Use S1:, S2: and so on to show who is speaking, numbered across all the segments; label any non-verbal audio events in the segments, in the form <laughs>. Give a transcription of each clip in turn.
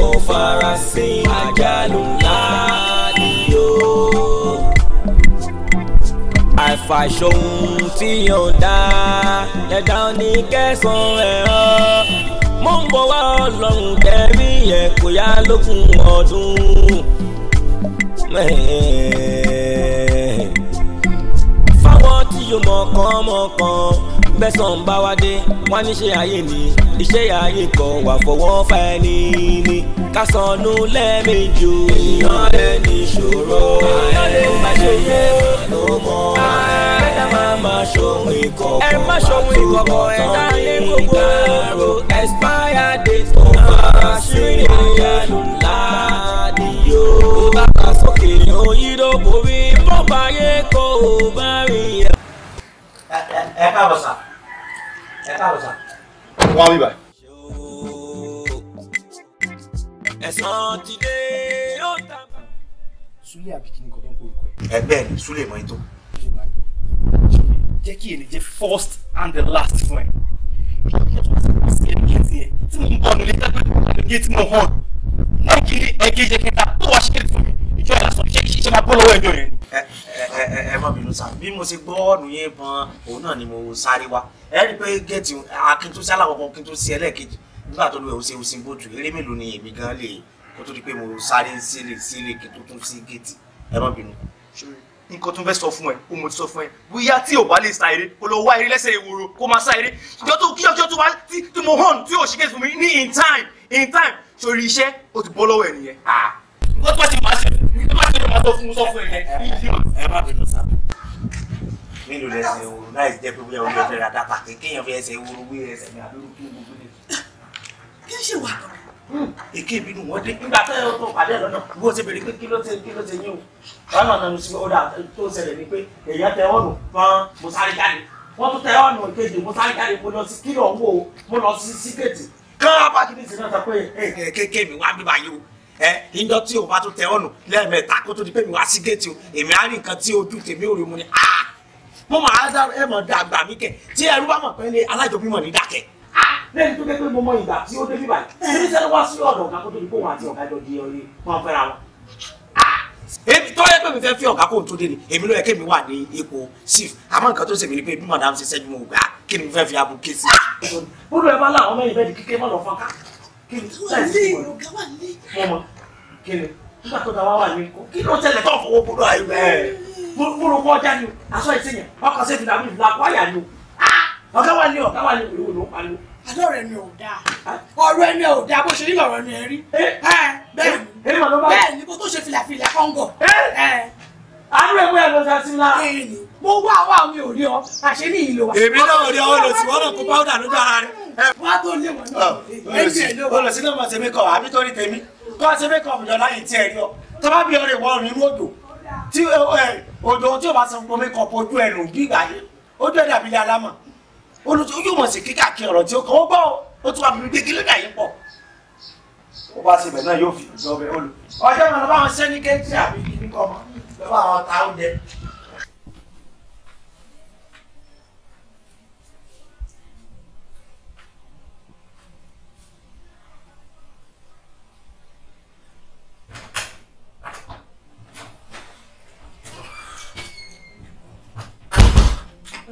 S1: ó farasin àjálù ńlá ni o. àìfàṣohun tí yàn dá ẹ̀dá ní kẹsàn-án ẹ̀rọ mo ń bọ̀ wá ọlọ́run tẹ̀rí yẹn kò yá lókun ọdún. fáwọn tí yóò mọ̀ kán mọ̀ kán bẹ́sàn bá wá dé wọ́n ní ṣe ayé ni iṣẹ́ ayé kan wà fọwọ́ fa ẹni ni ká sọnù lẹ́ẹ̀mejì o. èèyàn lè ní ìṣòro èèyàn lè má ṣe yẹ ló mọ̀ ẹ̀dá máa ma ṣòwò ìkọ̀kọ̀ má ṣòwò ìkọ̀kọ̀ ẹ̀dá lè gbogbo expire date ó fara sí ìyanu ládìyó. bàbá sókè òyìnbó borí bọ́ọ̀bù ayé kò bá rìn yẹn. ẹ káàbọ̀ sà ẹ káàbọ̀ sà. wọ́n wí bá. ẹ̀sán ti dé ó ta. Súlé àbí kí ni kò tó ń kó ikú ẹ. ẹgbẹ́ ni Súlé mọ́ ètò.
S2: jẹ́ kí èlé jẹ́ first and the last fún ẹ. tí mo ń bọ̀ nílé tábìlì
S1: tí mo hàn náà kiri ẹ̀kejì kẹta tó wá ṣe é fún mi ṣé ẹ̀ lásán ṣé ṣe máa bọ́ lọ́wọ́ ẹjọ́ yẹn. ẹ ẹ ẹ mọ bínú sá bí mo ṣe gbọ́ ọ̀nù yẹn gan òun náà ni mo sáré wa ẹ rí i pé géètì akíntúnṣe alákọ̀ọ́kọ́ akíntúnṣe ẹlẹ́ẹ̀kejì nígbà tó lu ẹ̀wọ̀n ṣe bójú eré mélòó ni èmi gan lè kó tó di pé mo sáré sílé sílé kí tó tún sí géètì ẹ mọ bínú. nǹkan tó ń fẹ́ sọ fún ẹ o mo ti sọ fún ẹ bóyá tí ò bá lè sa eré kó lọ wá eré lẹ́sẹ̀ ìwòrò kó máa sa eré ìjọ tó kí ọjọ́ tó wá tí mo hàn tí ò ṣe kéde fún mi ní in time in time sórí iṣẹ́ o ti bọ́ lọ́wọ́ ẹ̀ nìyẹn. Ah. nǹkan tó bá ti máa ṣe ẹ má bínú ma tó fún sọ fún ẹ ẹ má bínú sá. mélòó lẹ ṣe ooru láì jẹ pé bóyá olú ẹ fẹ́ ra dápà kéèyàn fi ẹsẹ̀ ooru wí ẹsẹ̀ ní abẹ́rú kí gbogbo lè. kí ṣe wà èké ìbínú wọn dé nígbà tó yẹ kó pàdé ẹ lọ́nà bó ṣe béèrè pé kí ló ṣe kí ló ṣe yín o wọn náà nanu sí ọdà tó ṣẹlẹ̀ ni pé èèyàn tẹ ọ̀nù fún mo sáré jáde wọn tún tẹ ọ̀nù ìkejì mo sáré jáde mo lọ sí kílọ̀ ń wò ó mo lọ sí síkètì kán apá kìíní sí náà sọ pé kéèké mi wá bíbá yìí o ẹ ìjọ tí o bá tún tẹ ọ̀nà lẹ́ẹ̀mẹ́ta kó tó di pé mi wá sí géètì o èmi á rí nǹkan tí ojú tèmi ò rí mu ni ah mo máa dá ẹ mọ̀ dàgbà mí kẹ̀ tí ẹrú bá mọ̀ pẹ́lẹ́ alájọbímọ̀ ní dàkẹ́ lẹ́yìn tó dé pé mo mọ ìgbà tí ó dé bíbá yìí ṣé níṣẹ́ ló wá sí ọ̀dọ̀ ọ̀gá kó tó di bóun àti ọ̀gá jọ di ọyẹ wọn fẹ́ra wọn. èmi tó yẹ pé mi fẹ́ fi ọ̀gá kóun tó dé ni èmi ló yẹ kémi wà ní ipò chief àmọ́ nǹkan tó ṣèmi ni pé bí madam ṣe ṣẹ́jú mo gbà kí ni mo fẹ́ fi abo ké sí. bólú ẹ kíni mọ̀mọ́ kíni nígbà tó dáwà wà ní nǹkan kí ló tẹ̀lé tó fowó bolo àìwẹ̀ bolo kọ́ ọjà ni o aṣọ ìṣẹ̀yìn ọkọ̀ ṣe fìlà mi fìlà kwaya ni ah! o ọ̀gá wà ní ọ̀gá wà ní òwúrò ló ń pariwo. àdó rẹ ni ò dáa ah! ọ̀rọ̀ ẹni ò dáa bó ṣe nílò ọ̀rọ̀ ẹni ẹ rí eh! eh! bẹ́ẹ̀ ni bó tó ṣe fìlàfìlà kọ́ńgọ̀. Eh! àdó rẹ mú ẹ lọ sí asínlá mo wá wá mi ò ọ àṣẹ ní ìlò wa. èmi náà rí ọ lọ wọn náà kó pàwọ́dà lójú ara rẹ wá odò tí o bá san omi kọ̀ ojú ẹ̀ bí ìgbà yẹn ojú ẹ̀ dàbí ilé alámọ̀ mọ̀ sí kíkà kí ọ̀rọ̀ tí ó kọ́ ó gbọ́ ó tún wà bí gbé kílódà yìí pọ̀. ó bá ṣe bẹ̀ náà yóò fi ìjọba olù ọjọ́ ìrànlọ́wọ́ àwọn sẹ́ni kéńtì àbí kíkọ́ mọ́ lọ́wọ́ àwọn táwọn jẹ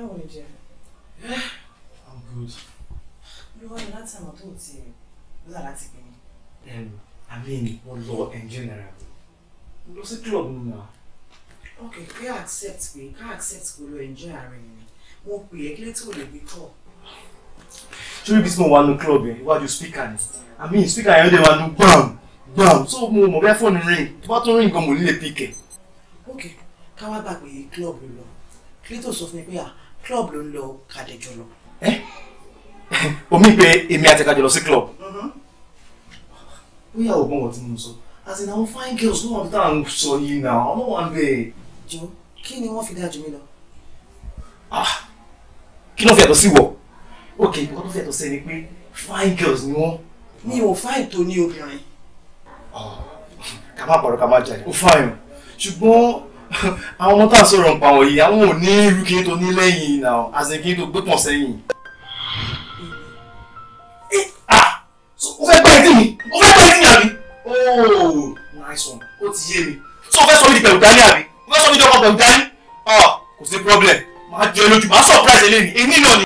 S1: How are you, dear? Yeah, I'm good. You want that time or two to Without that again? Um, I mean, what law in general? What's the club now? Okay, can accept me? Can accept me to enjoy our ring? Mo pè é, to ló tó lè gbé kọ́? Ṣé ibi tí club yẹn? Iwájú speaker ni. I mean, speaker yẹn dé wà Bam, bam. gbàm. So move. mọ̀ bẹ́ẹ̀ fóònù ring. What bá tún ring gan, mo lè pick it. Okay, come back wá the club lọ. Kí ló tó sọ fún mi club ló ń lọ kàdéjọ lọ. Eh? <laughs> omi pé èmi àti kàdéjọ lọ sí club. bóyá mm-hmm. ògbọ́n wọn ti mú sọ àti ní àwọn fine girls ló wà ní táwọn sọ yìí náà ọmọ wa ń bẹ. jọ kí ni wọ́n fi dájú mi lọ. Ah, kí ló fi ẹ̀tọ́ sí wọ̀ ok nǹkan tó fi ẹ̀tọ́ sí ni pé fine girls ni wọ́n. mi ò fine tó ní obìnrin. Ah, <laughs> ká má pàrọ̀ ká má jà ní. ó fine ṣùgbọ́n. <laughs> àwọn ọmọ tá a sọ̀rọ̀ ń pa wọ̀nyí àwọn ò ní irú kí n tó ní lẹ́yìn náà àti kí n tó gbé pọ̀ sẹ́yìn. ó eh, ah, fẹ́ gbá etí mi ó fẹ́ gbá etí mi àbí. ooo oh, nice one ó ti yé mi tó o fẹ́ sọ mi di pẹ̀lú dání àbí o fẹ́ sọ mi di ọkọ pẹ̀lú dání ah, kò sí problem máa jẹ lójú máa surprise eléyìí èmi náà ni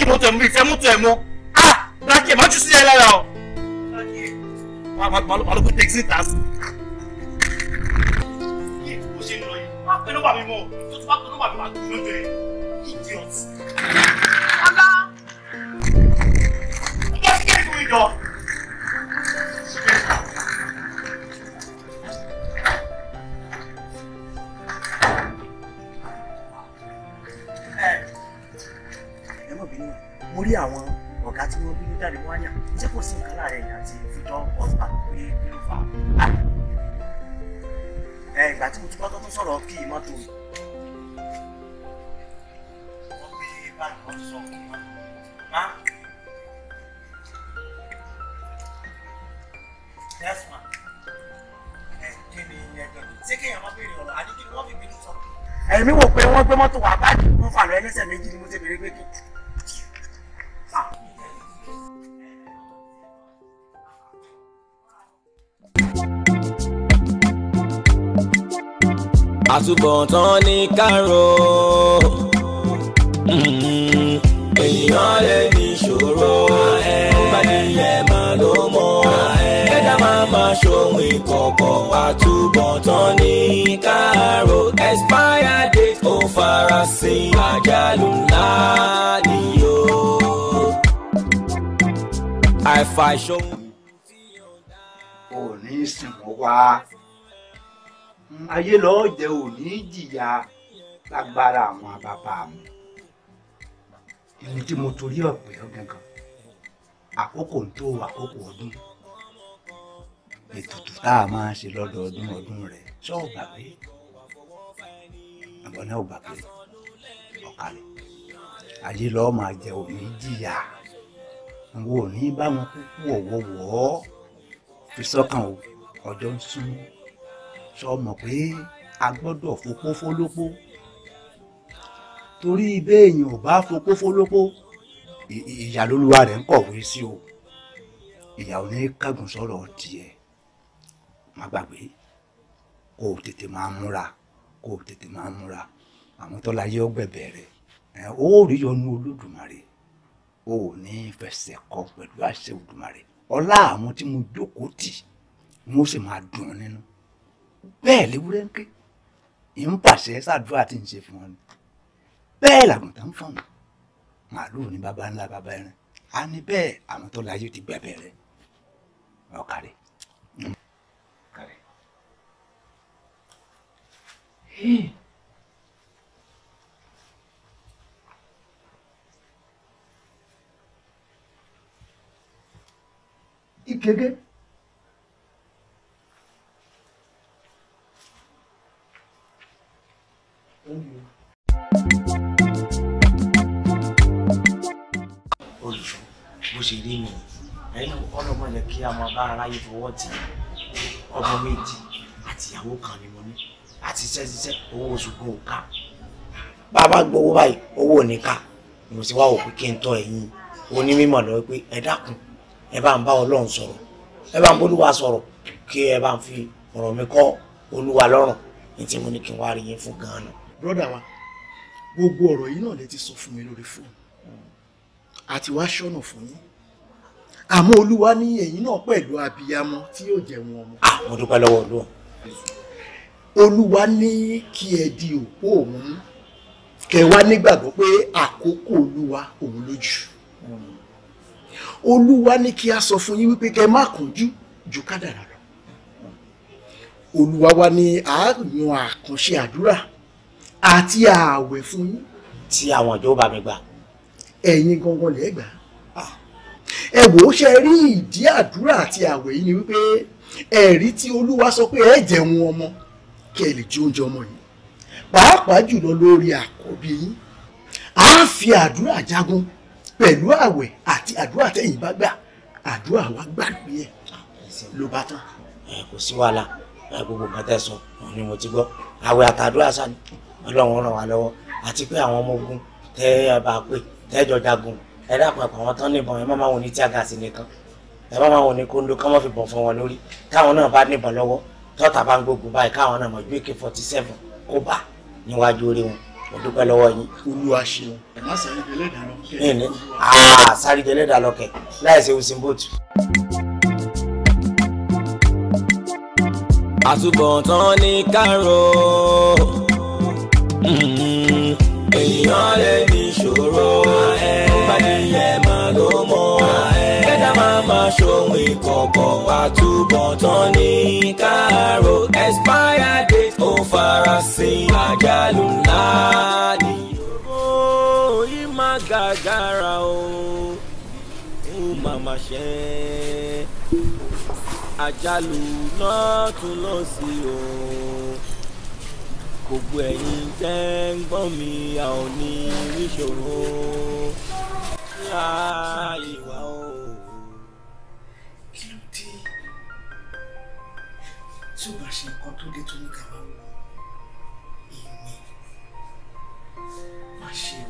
S1: kí mọ́tò ẹ̀ mú ìfẹ́ mọ́tò ẹ̀ mọ́ ah lákì ẹ̀ má jùsí ẹ̀ lára o lákì ẹ̀ wà lóko tẹ̀sí ta sí. kí o ṣe ń lọ yìí wá pẹ̀lú wà mí mọ́ tó tún wá pẹ̀lú wà mí wà lójú ẹ̀ idiot. ọ̀gá. ọ̀gá kí ẹ̀ fún mi jọ. rí àwọn ọ̀gá tí wọ́n bínú jáde wọ́n á yà ṣé ah, kò sí nǹkan láàrin ẹ̀yìn àti fíjọ́ ọ̀sán pé kí ló fà á. ẹ ìgbà tí mo tún bá tó tún sọ̀rọ̀ kí mọ́tò mi. wọ́n gbé báyìí wọ́n sọ kí mọ́tò mi. Yes, ma. Ẹ kí ni ìyẹn gbẹ̀gbẹ̀? Ṣé kéèyàn máa béèrè ọ̀rọ̀? Àdíkì ni wọ́n fi bínú sọ. Ẹ̀mí wò pé wọ́n gbé mọ́tò wà báyìí. Mo fà lọ ẹlẹ́sẹ̀ méjì ni mo ti béèrè pé kí. àtúbọ̀tán ní kárò. Mm-hmm. ènìyàn lè ní ìṣòro ìbàdíyẹ máa ló mọ̀ kẹ́dá máa máa ṣòwò ìkọ̀kọ̀ àtúbọ̀tán ní kárò. expire date ó farasin àjálù ńlá nìyó. àìfàṣọ. ò ní ìsìnkú wá ayé lọ́ọ́ jẹ́ òní jìyà lágbára àwọn bàbá mi ẹni tí mo torí ọ̀pẹ ọ̀gangan àkókò ń tó àkókò ọdún ètùtù tá a máa ṣe lọ́dọọdún ọdún rẹ̀ sọ gbàgbé àbọ̀ náà gbàgbé ọ̀kàlẹ̀ ayé lọ́ọ́ máa jẹ òní jìyà wo ní báwọn kúkú ọ̀wọ́wọ́ fi sọ́kàn o ọjọ́ ń sún sọ mọ̀ pé a gbọ́dọ̀ fopó fólópó torí béèyàn ò bá fopó fólópó ìyá lolúwa rẹ̀ ń kọ̀wé sí o ìyá ò ní kẹ́gùn sọ̀rọ̀ tiẹ̀ má gbàgbé kó o tètè máa múra kó o tètè máa múra àwọn tọ́lá yẹ́ ọgbẹ̀bẹ̀ rẹ̀ ó rí yọnu olódùmarè o ò ní fẹsẹ̀ kọ pẹ̀lú àṣẹ olùmarè ọlá àwọn tí mo jókòó tì wọ́n sì máa dùn nínú bẹ́ẹ̀ léwúrẹ́ ń ké ì ń pàṣẹ sàdúrà tí ń ṣe fún ọ ni bẹ́ẹ̀ làgùntàn ń fọ̀n màálù ní baba ńlá baba ẹran a ní bẹ́ẹ̀ àwọn tó láyé ti gbà bẹ̀rẹ̀ ọ̀kàrẹ́. ìkẹ́gẹ́. Hey. Thank you. Olùṣọ́ bó ṣe rí mi ẹ̀yin ọlọ́mọ yẹ kí a máa bá aráyé fọwọ́ tì ọmọ méjì àti ìyàwó kan ni mo ní àti ṣẹ́ṣiṣẹ́ owó oṣù kò ká bàbá gbowó báyìí owó ò ní ká ni mo ti wá òpin kí n tọ́ ẹ̀yin onímọ̀ lọ́wọ́ pé ẹ dákun ẹ bá ń bá Ọlọ́run sọ̀rọ̀ ẹ bá ń bólúwa sọ̀rọ̀ kí ẹ bá ń fi ọ̀rọ̀ mi kọ́ Olúwa lọ́rùn ní tí mo ní kí n wá rí yín fún gan-an brọ́dà wa gbogbo ọ̀rọ̀ yìí náà lè ti sọ fún mi lórí fóònù àti wá ṣọ́nà fún yín àmọ́ olúwa ní ẹ̀yin náà pẹ̀lú abiyamọ tí yóò jẹ wọn ọmọ. Ah, mo dúpẹ́ lọ́wọ́ olúwa. olúwa ní kí ẹ di òpó òun kẹ wá nígbàgbọ́ pé àkókò olúwa òun lójú olúwa ní kí a sọ fún yín wípé kẹ má kánjú ju kádàrá lọ olúwa wa ní àárín àkànṣe àdúrà àti ààwẹ̀ fún yín. tí àwọn ìjọ bá mi gbà. ẹ̀yin gangan lè gbà. ẹ wò ó ṣe rí ìdí àdúrà àti ààwẹ̀ yìí ni wípé ẹ̀rí tí olúwa sọ pé ẹ jẹun ọmọ kí ẹ lè jí oúnjẹ ọmọ yìí pàápàá jùlọ lórí àkọ́bí yín a fi àdúrà jagun pẹ̀lú ààwẹ̀ àti àdúrà tẹ̀yìn bá gbà àdúrà wa gbàgbé ẹ̀ ló bá tán. ẹ kò sí wàhálà gbogbo nǹkan tẹ́ sọ ni mo ti gbọ́ ààwẹ̀ àtàdúrà sani ọlọ́run ràn wá lọ́wọ́ àti pé àwọn ọmọ ogun tẹ́ ẹ bá pè tẹ́jọ jagun ẹ dákun ẹ̀pọ̀ àwọn tán níbọn ẹ má máa wò ní tí àgàsì nìkan ẹ má máa wò ní kóńdó kán mọ́ fi bọ̀ fún wọn lórí káwọn náà bá níbọn lọ́wọ́ tọ́ta bá ń gbógun báyìí káwọn náà mọ̀ ju ak forty seven kó bà níwájú orí wọn mo dúpẹ́ lọ́wọ́ yín. olúwa ṣeun. ẹ má ní àá sáré jẹ ènìyàn lè ní ìṣòro tó bá nílẹ̀ máa ló mọ̀ kẹ́dá máa máa ṣòwò ìkọ̀kọ̀ àtúbọ̀tán ní káàró expire date ó farasin àjálù ńlá ni. oyin máa gàgàrà o ó màmá ṣe àjálù náà tún lọ sí o gbogbo ẹ̀yin tẹ́ ń gbọ́n mi a ò ní níṣòro láàyè wa o. kí ló dé tí o bá ṣe nǹkan tó dé tó ní kàwá wò èmi má ṣe o.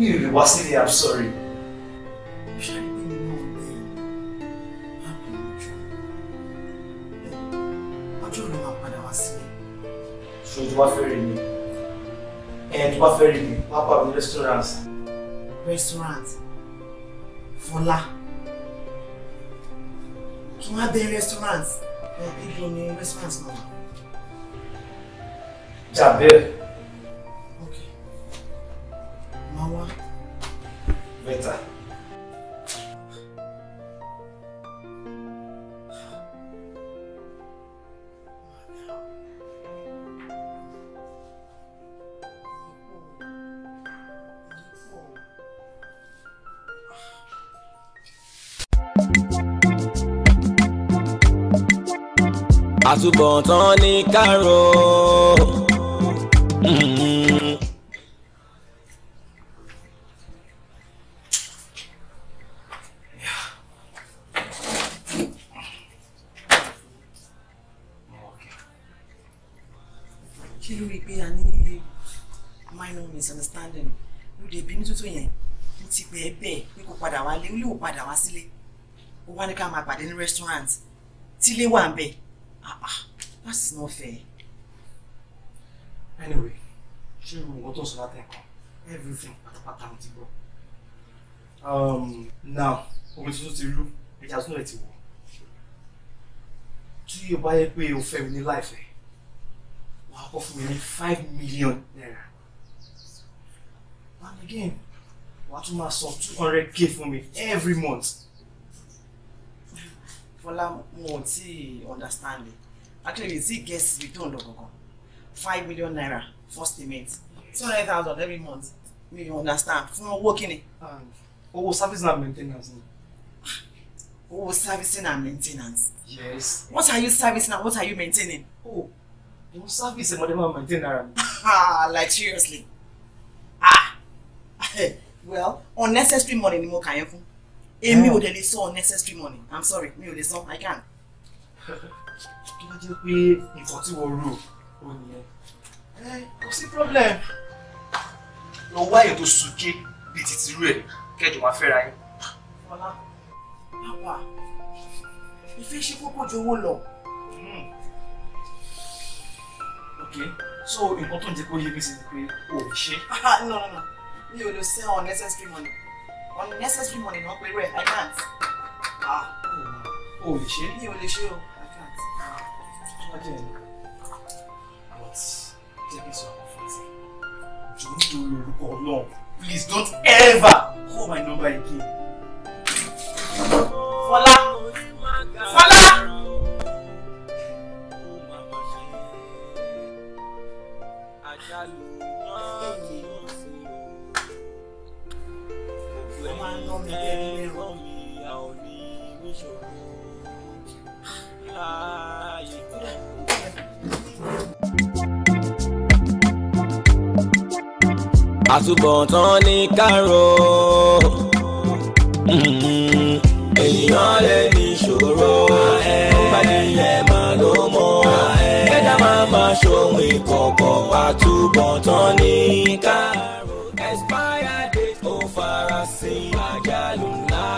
S1: mi ò be wasting sílé i'm sorry. ṣe tó bá fẹ́ rí mi ẹ̀ tó bá fẹ́ rí mi pápá mi restaurant. restaurant Fọlá kí wọ́n á bẹ restaurant ẹ̀ kí ló ní restaurant náà. jàbẹ́ẹ̀. àtúbọ̀tán ní kárò. kí ló rí pé a ní minor misunderstanding lóde ìbínú tó tó yẹn mo ti pè é bẹ́ẹ̀ pé kò padà wálé ó lè ò padà wá sílé ó wá ní ká máa pàdé ní restaurant tílé wà ń bẹ́ẹ̀ mo fẹ́ anyway ṣé irú nǹkan tó ń Everything at everything pátápátá mo ti gbọ́ um, now omi tuntun ti rú ẹja tún lè ti wọ̀ tí o bá yẹ pé o fẹ́ mi ní láìfẹ́ wàá five million there. and again what tún máa san two hundred k for me every month. For that, ti understand it actually you see guests return lọgọgọ five million naira first payment two hundred thousand every month me you understand fún working kíni. owó servicing and maintenance ni. Ah, servicing and maintenance. yes. what are you servicing and what are you maintaining. oh mo service mo dey ma maintain ara mi. like seriously ah <laughs> well unnecessary money ni mo kà yẹn fún èmi ah. ò dẹ̀ lè sọ unnecessary money i'm sorry Me, ò lè sọ i can't. <laughs> bá jẹ́ pé nǹkan tí wọ́n rò ó nìyẹn ẹ kò sí problem lọ wá èyàn tó sunké bíi tìtìrú ẹ kẹjọ máa fẹ́ra yín. fọlá pápá ìfẹ́ ṣe kókó ju owó lọ. Hmm. ok so nǹkan tó ń jẹ́ kó yé mi sí ni pé o ò ṣe. no no no mi ò lè sell unnecessary money unnecessary money náà pé rẹ̀ i can't. ah o ò lè ṣe. mi ò lè ṣe o. Again, but jẹ́ kí n don't do fún ẹsẹ̀. no. please don't ever call my number again. Voila. Voila. Ah. àtúbọ̀tán ní kárò. Mm-hmm. ènìyàn lè ní ìṣòro ìbàdíyẹ máa ló mọ̀ ẹ̀dá máa máa ṣòwò ìkọ̀kọ̀ àtúbọ̀tán ní kárò. expire date ó farasin àjálù ńlá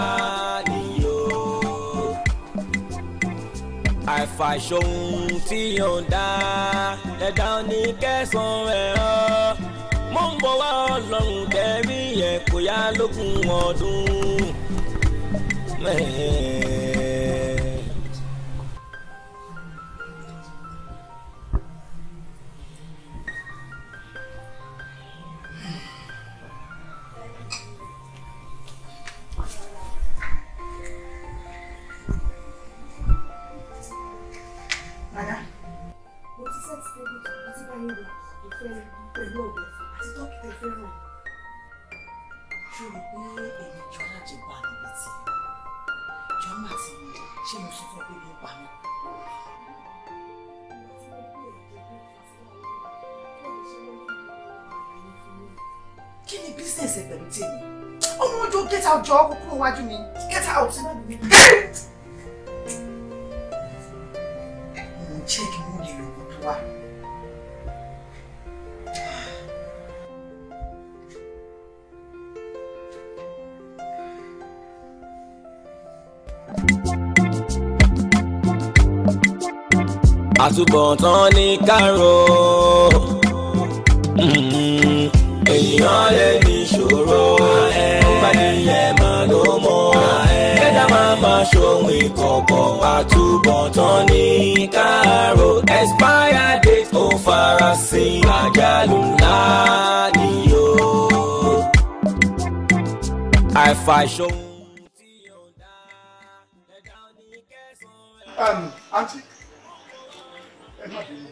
S1: nìyó. àìfàṣohun tí yóò dá ẹ̀dá ní kẹsàn-án ẹ̀rọ mo ń bọ̀ wá ọlọ́run kẹ́rí ẹ̀ kò yá lógún ọdún. out jọ ọkọ kúrò wájú mi get out má lù mí. mo ń ṣe kí mo lè lògùn tó wà. àtúbọ̀tán ní kárò mm-hmm. èèyàn lè ní ìṣòro anybody yẹn mà no mọ̀ kẹ́dá máa ma ṣohun ìkọ̀kọ̀ àtúbọ̀tán ní káàró expire date ó farasin àjálù ńlá nìyó. àìfàṣohun tí yóò dá ẹ̀dá oníkẹ́sàn-án. àǹtí ẹ má bínú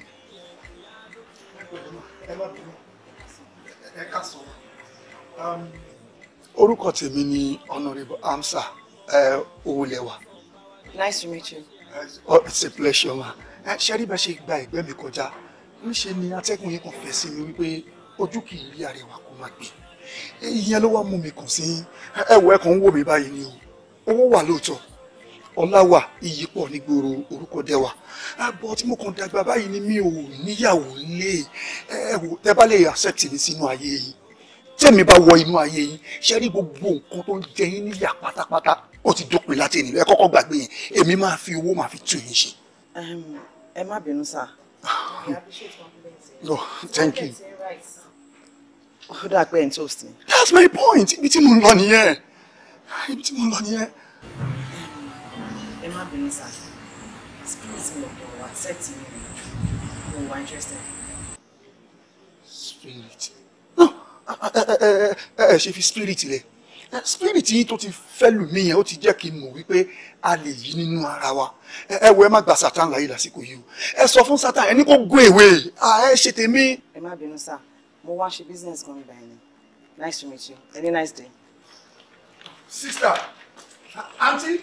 S1: ẹ má bínú ẹ ká sọ orúkọ tèmi ni honourable Amsa Owólẹ́wà. nice to meet you. Uh, it's a pleasure ma. ṣe rí bá ṣe gba ẹ̀gbẹ́ mi kọjá níṣe ni atẹ́gùn yẹn kàn fẹ́ sí mi wípé ojú kì í rí àrẹwà kó má gbé ìyẹn ló wá mú mi kàn sí ẹwọ ẹ kàn ń wò mí báyìí ni o owó wà lóòótọ́ ọlá wà nígboro orúkọ dẹ wà tí mo kàn dàgbà báyìí ni mi ò níyàwó lé ẹ wò tẹ́ bá lè accept mi sínú ayé yìí tẹ́mi bá wọ inú ayé yín ṣe rí gbogbo nǹkan tó ń jẹ yín níyà pátápátá ó ti dópin láti ènìyàn ẹ kọ́kọ́ gbàgbé yẹn èmi máa fi owó máa fi tù yín ṣe. ẹ má bínú sá. Ah, no thank you. ó dà pé ẹ̀ ń toast that's my point ibi tí mo ń lọ nìyẹn ibi tí mo ń lọ nìyẹn. ẹ má bínú sá spirit mi ò wá accept mi mo wá interested. spirit ẹ ṣe fi spirit rẹ spirit yìí tó ti fẹ́ lù mí yẹn ó ti jẹ́ kí n mọ̀ wípé a lè yí nínú ara wa ẹ wọ ẹ má gba satan láyé lásìkò yìí o ẹ sọ fún satan ẹ ní kó go away ẹ ṣe tèmi. ẹ má bínú sá mo wá ṣe business kan nígbà yẹn nice to meet you have a nice day. sister aunty.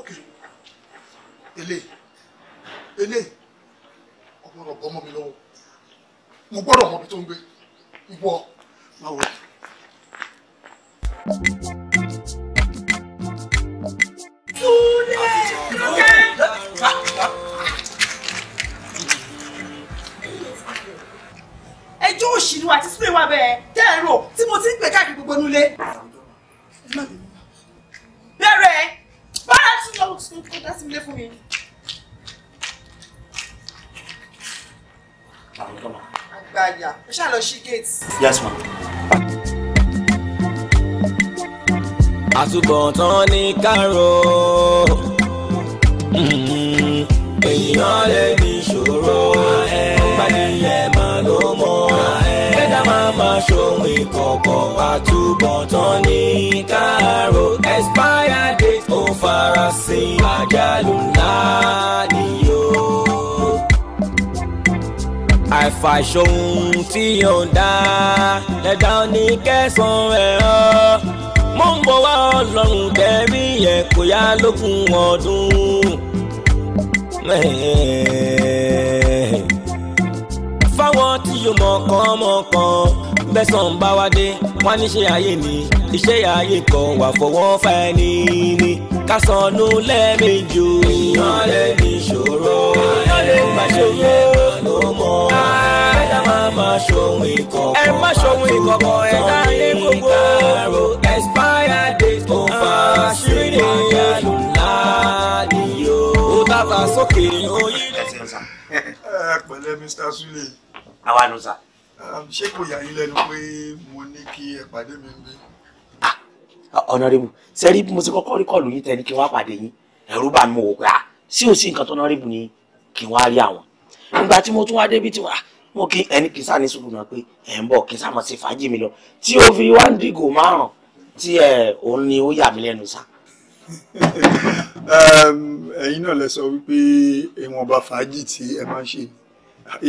S1: okay ele eléyìí eléyìí ọgbọ́dọ̀ bọ́ mọ́ mi lọ́wọ́ mo gbọ́dọ̀ mọ̀ bí tó ń gbé ìwọ máa wọ̀. ẹjọ́ òṣìlú àti sílẹ̀ wa bẹ̀ẹ́ tẹ́ ẹ rò tí mo ti ń pè káàkiri gbogbo nulẹ̀. bẹ̀rẹ̀ bára tún lọ kó dá sí ilé fún mi. àgbàyà ó ṣáà lọ sí gate. yes ma. àtúbọ̀tán ní kárò mm-hmm. èèyàn lè ní ìṣòro gbaniyẹ má ló mọ kẹta máa ma ṣòwò ìkọ̀kọ̀ àtúbọ̀tán ní kárò expire date ó farasin àjálù ńlá nìyẹn. àìfàṣohun tí yóò dá ẹ̀dá ní kẹsàn-án ẹ̀rọ mo ń bọ̀ wá ọlọ́run tẹ̀rí ẹ̀ kò yá lókun ọdún. fáwọn tí yóò mọ̀kàn mọ̀kàn bẹ́sàn bá wá dé wọ́n ní ṣe ayé ni iṣẹ́ ayé kan wà fọwọ́ fa ẹni ni ká sọnù lẹ́ẹ̀mejì. èèyàn lè ní ìṣòro èèyàn lè má ẹ̀dá máa ma ṣòwò ìkọ̀kọ̀ ẹ má ṣòwò ìkọ̀kọ̀ ẹ̀dá ní gbogbo ẹ̀rọ expire date tó fa ṣírí ah, ìyàlú láàdì yóò. ó tàbá sókè oyè. ẹ <laughs> eh, pẹ̀lẹ́ Mr. Sule. àwa nù sà. Um, ṣé kò yà yín lẹ́nu pé mo ní kí ẹ pàdé mi ń ah, bí. ọ̀nàrẹ́bù sẹ́rí mo ti kọ́kọ́ rí kọ́ọ̀lù yín tẹ́ ní kí wọ́n pàdé yín ẹ̀rú bá mi wò pé ah sí ò sí nǹkan tó ọ̀nàrẹ́bù ni kí wọ́n á rí àwọn ìgbà tí mo tún wá débi tí wà mo kí ẹni kìsà ní sùúrù náà pé ẹ ń bọ̀ kìsà mọ̀ sí fàájì mi lọ tí ó fi wá ń dìgò márùn tí ẹ òun ni ó yà mí lẹ́nu sá. ẹ̀yin náà lẹ sọ wípé ìwọ̀nba fàájì tí ẹ máa ń ṣe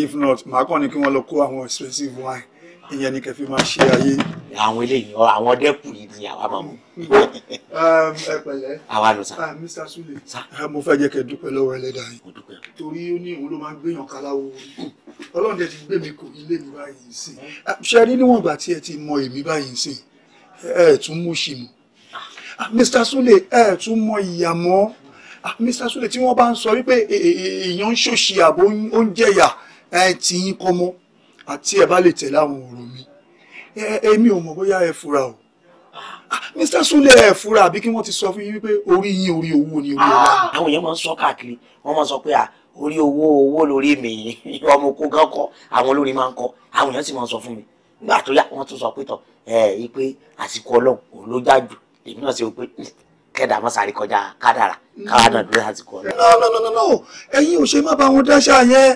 S1: if not màá kàn ní kí wọ́n lọ kó àwọn expensive wine ìyẹn ni kẹfí máa ṣe ayé. àwọn eléyìí àwọn dẹ́kun yìí ni àwa máa mú. Um, ẹ pẹ̀lẹ́ àwa lọ sá. Ah, Mr Sule ah, mo fẹ́ jẹ́ kẹ́ dúpẹ́ lọ́wọ́ ẹlẹ́dàá yìí torí ó ní òun ló máa ń gbéyàn kaláwo ọlọ́run tẹ ti gbé mi kò ní mi báyìí sí ah, ṣe rí níwọ̀n ìgbà tí ẹ ti mọ èmi báyìí sí ẹ tún mú ṣì mọ́ Mr Sule ẹ tún mọ ìyà mọ́ Mr Sule tí wọ́n bá ń sọ wípé èèyàn ń ṣòṣì àbò oúnjẹ yà ẹ tì í kọ́ mọ́ àti ẹ bá lè tẹ̀lé àwọn ọ̀rọ̀ mi èmi ò mọ̀ bóyá ẹ fura o mr Sule ẹ fura àbí kí wọ́n ti sọ fún yín wípé orí yín orí owó ni orí ọlá. Ah! àwọn èèyàn máa ń sọ káàkiri wọ́n máa sọ pé à orí owó owó lórí mi <laughs> ọmọ oko gan kọ àwọn olórin máa ń kọ àwọn èèyàn sì máa ń sọ fún mi nígbà tó yá wọ́n tún sọ pé tọ ẹ ẹ pé àsìkò Ọlọ́run òun ló já jù èmi náà ṣe wípé kẹ́dà má sáré kọjá kádàrà káwá náà dúró àsìkò Ọlọ́run. no ò ṣe má bá wọn dáṣà yẹn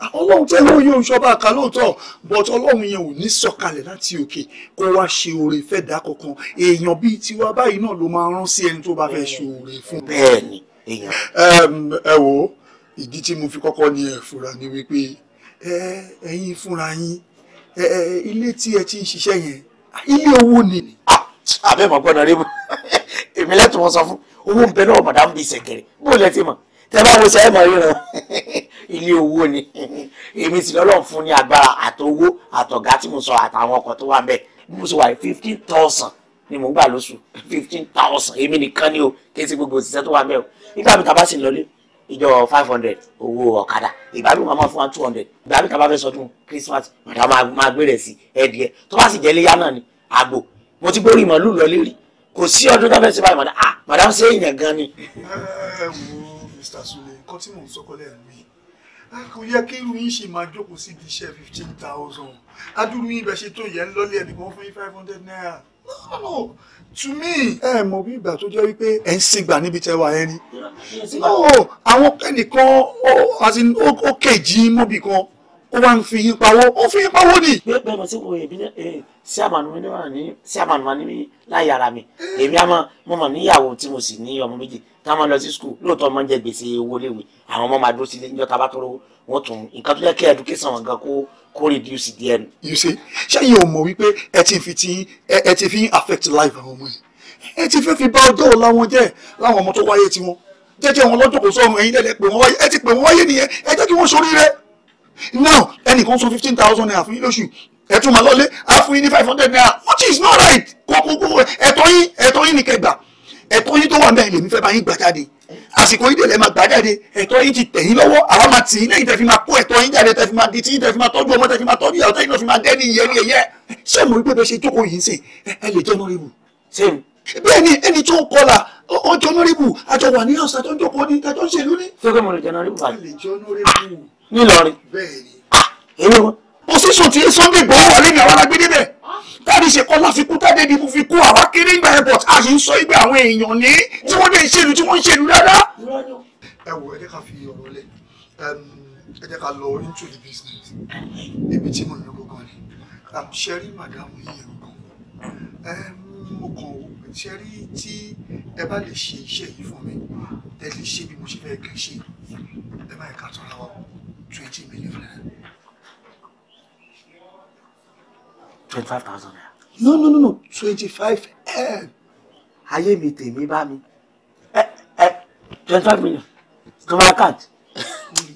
S1: ọlọ́run tẹ́ ló yóò ṣọba kan lóòótọ́ but ọlọ́run yẹn ò ní sọ̀kalẹ̀ láti òkè kó wá ṣe oore fẹ́dà kankan èèyàn bíi tiwa báyìí náà ló máa rán sí ẹni tó bá fẹ́ ṣe oore fún. bẹ́ẹ̀ni èèyàn. ẹ wo ìdí tí mo fi kọ́kọ́ ní ẹ fura ni wípé ẹ̀yin fúnra yín ilé tí ẹ ti ń ṣiṣẹ́ yẹn ilé owó ni. àbẹ́ ah, mọ̀ gbọ́dọ̀ rí bó èmi lẹ́tọ̀ọ́ sọ fún owó ń bẹ náà màdàmú bíi ṣẹ̀kẹ̀rẹ̀ bó lẹ́ ti mọ̀ tẹ́ bá wo ṣe é mọ̀ ríran ilé owó ni èmi sì lọ́lọ́run fún ní agbára àtowó àtọ̀gá tí mo sọ àtàwọn ọkọ̀ tó wà ń bẹ̀ mo sì wà ní fifteen thousand ni mo gbà lóṣù fifteen thousand èmi nìkan ni o kí n sì gbogbo òṣìṣẹ́ tó wà ń bẹ̀ o nígbà mi ta sì lọlé ìjọ five hundred owó ọ̀kadà ìgbà mi máa fún wa two hundred ìgbà mi ta bá fẹ́ sọdún Christmas màdà máa gbé rẹ̀ sí ẹ̀dìẹ tó bá sì jẹ́ léyà náà ni àgbò mo ti gbórí ìmọ̀lú lọ lérí kò sí ọdún tó fẹ́ sí báyìí màdà ah màdà ń ṣe èèyàn gan ni. ẹ wo Mr. Sule nǹkan tí mò ń sọkọ lẹ́yìn mi kò yẹ kí irú yín ṣe máa jókòó sí di iṣẹ́ fifteen thousand adúrú yín ibẹ̀ ṣe tó yẹ ń lọ́lé ẹnìkan fún yín five hundred naira no no to me ẹ mọ bí ìgbà tó jẹ́ wípé ẹ̀ ń sìngbà níbi tẹ́wà ẹ ní no àwọn ẹnìkan ó kejì mọ́bì kan ó wá ń fi yín pawó ó fi yín pawó ni. bẹ́ẹ̀ bẹ́ẹ̀ mo ti wo èmi sí àmàlù mi ní sí àmàlù mi ní láyàrá mi èmi àmọ́ mo mọ̀ níyàwó tí mo sì ní ọmọ méjì tá máa lọ sí skul lóòótọ́ ọmọ ń jẹ gbèsè owó léwe àwọn ọmọ máa dúró sílé níjọ́ tá bá tó rówó wọ́n tún nǹkan tó yẹ kí education wọn gan kó kó reduce díẹ̀ nù. you see ṣẹ́yìn ò mọ̀ wípé ẹ ti fi ti ẹ ti fi affect life àwọn ọmọ yìí ẹ ti fẹ́ fi bá ọjọ́ òun láwọn jẹ́ láwọn ọmọ tó wáyé tiwọn jẹ́jẹ́ wọn lọ́jọ́ kò sọ̀rùn ẹ̀yin lẹ́lẹ́ pé wọ́n wáyé ẹ ti pè wọ́n wáyé nìyẹn ẹ jẹ́ kí wọ́n sórí rẹ̀ now ẹnìkan sọ fifteen thousand naira fún yín lóṣù ẹ tún máa lọlé á fún yín ní five hundred naira which is not right kò kò kò ẹ̀tọ́ yín ẹ̀tọ́ yín nìkẹ́ ẹ̀tọ́ yín tó wà mẹ́rin lèmi fẹ́ bá yín gbà jáde àsìkò yín délẹ̀ máa gbà jáde ẹ̀tọ́ yín ti tẹ̀yìn lọ́wọ́ àwa máa tì í lẹ́yìn tẹ́ fi máa kó ẹ̀tọ́ yín jáde tẹ́ fi máa di tí tẹ́ fi máa tọ́jú ọmọ tẹ́ fi máa tọ́jú ìyàwó tẹ́ fi máa dẹ́ni ìyẹn ní ẹ̀yẹ ṣé mo gbé bẹ ṣe jókòó yìí sìn ẹ lè jẹ́ nọ́rẹ́bù bẹ́ẹ̀ ni ẹni tó ń kọlà ọjọ́ nọ́rẹ́bù àjọ wà ní ọ̀sán tó ń jókòó ní ìtajọ́ ń ṣèlú ní. ṣé kí mo position ti Sunday Igboho wọlé ni àwọn alágbèdè bẹ̀ dáàdi ṣe kọ́ láfikún dáàdi ìdìbò fi kú àwa kiri ìgbà airport a sì ń sọ ìgbà àwọn èèyàn ní tí wọ́n dẹ̀ ṣèlú tí wọ́n ń ṣèlú dáadáa. ẹ wo ẹ jẹ́ ká fi ọ̀rọ̀ lẹ̀ ẹ jẹ́ ká lọ into the business ibi tí mo ní gbogbo rẹ̀ ṣẹ́rí màdàmú yìí ẹ̀rù kan mo kàn ó ṣe tí ẹ bá lè ṣe iṣẹ́ yìí fún mi ẹ lè ṣe bí mo ṣe fẹ́ kẹ́ ṣe ẹ bá ẹ̀ka tọ́ra wa twenty million naira. twenty five thousand naira. no no no no twenty five m. Eh. ayé mi tèmi bá mi Eh, eh. twenty five million tó bá kàǹtì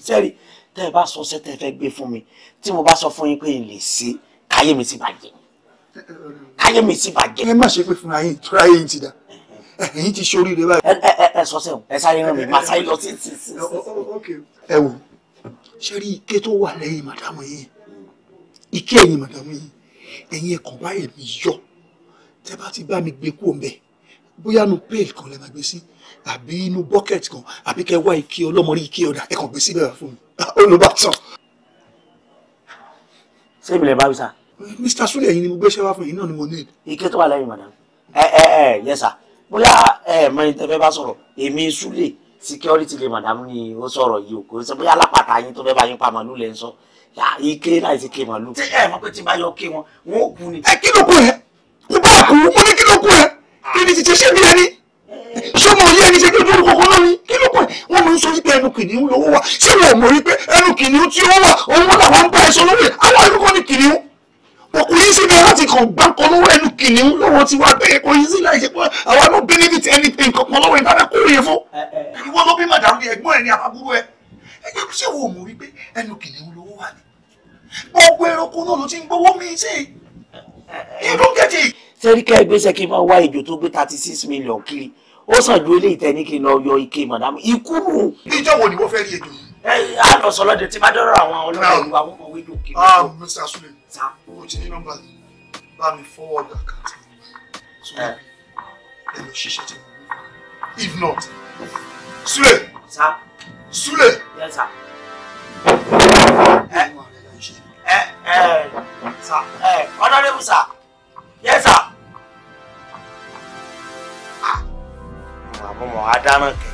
S1: Sorry. tẹ́ ẹ bá sọ ṣẹ́ tẹ́ ẹ fẹ́ gbé fún mi tí mo bá sọ fún yín pé n lè ṣe káyé mi ti bàjẹ́ káyé mi ti bàjẹ́. ẹ má ṣe pé fúnra yín tura yín ti dà ẹ̀yin eh, ti ṣe oríire báyìí. ẹ ẹ ẹ sọ sẹ́wọ̀n ẹ sáré rán mi màá sáré lọ sí sí sí. ẹ wò ṣe rí ike tó wà lẹ́yìn màdàmú yìí ike ẹ̀yìn màdàmú yìí ẹ̀yin ẹ̀kọ́ bá èmi yọ tẹ́ bá ti bá mi gbé kú ọ̀mẹ́ bóyá nu pail kan lẹ́ máa gbé sí àbí inú bucket kan àbí kẹ́ wá ike ọlọ́mọrí ike ọ̀dà ẹ̀kọ́ gbé síbẹ̀ fún mi olùbátan. Ah, ṣé ìbílẹ̀ bá wí sá. Mr. Sule ẹ̀yin ni mo gbéṣẹ́ wá fún yín náà ni mo ní. ike tó wà lẹ́yìn madam ẹ ẹ ẹ yẹ sá bóyá ẹ mọ ẹni tẹ́ fẹ́ bá sọ̀rọ̀ èmi Sule security lè màdàmú ni ó sọ̀rọ̀ yìí o kò sọ bóyá alápàtà yín tó fẹ́ bá yín pa màálù lẹ́ ń sọ ike láì sí ké màálù. ṣé ẹ mọ̀ pé tí n bá yọ ké wọn wọn ò kú ni. ẹ kí ló kú ẹ ìbá kú ó ní kí ló kú ẹ ibi ti ṣe ṣé bí ẹni ṣé mo yé ẹni ṣe kí lóru kọ̀ọ̀kan náà ni kí ló kú ẹ wọn mọ ń sọ wípé ẹnu kìnìún lówó wa ṣé wọn ò mọ̀ wípé ẹnu kìnìún tí ó wà òun wọn làwọn ń bá ẹ sọ lówó àwọn ẹnu kọ́ ni kìnìún kò yí síbi láti kàn gbá kan lọ́wọ́ ẹnu kìnìún lọ́wọ́ tí wàá bẹ́ẹ̀ kò yí sí láì ṣe pé àwa náà benefit anything kankan lọ́wọ́ ìdáná kó yẹ fún. ìwọ ló bí màdàrú yẹ ẹ̀gbọ́n ẹ ní àbábúrò ẹ ẹ jẹ kó ṣe wò mú wípé ẹnu kìnìún lówó wà ní. gbogbo ẹranko náà ló ti ń gbowó mi sí i you don't get it. sẹ́ríkà ìgbésẹ̀ kí n máa wá ìjò tó gbé thirty six million kiri ó sàn ju eléyìí tẹ́ ní kí n lọ yọ ike màdàmú ikú nù. ìjọ wo ni wọ́n fẹ́ rí ètò yìí. a lọ sọ lọ́dẹ tí má dọ́rọ̀ àwọn ọlọ́dẹ ìlú ah, Mr. Suleiman sá. mo ti ní yìí bá mi forward account number so eh. ẹ lọ ṣiṣẹ́ tí if not Sule. sá. Sule. yẹ sá. ẹ ẹ ẹ sá ẹ ọ̀nàdébù sá yẹ sá. àwọn ọmọ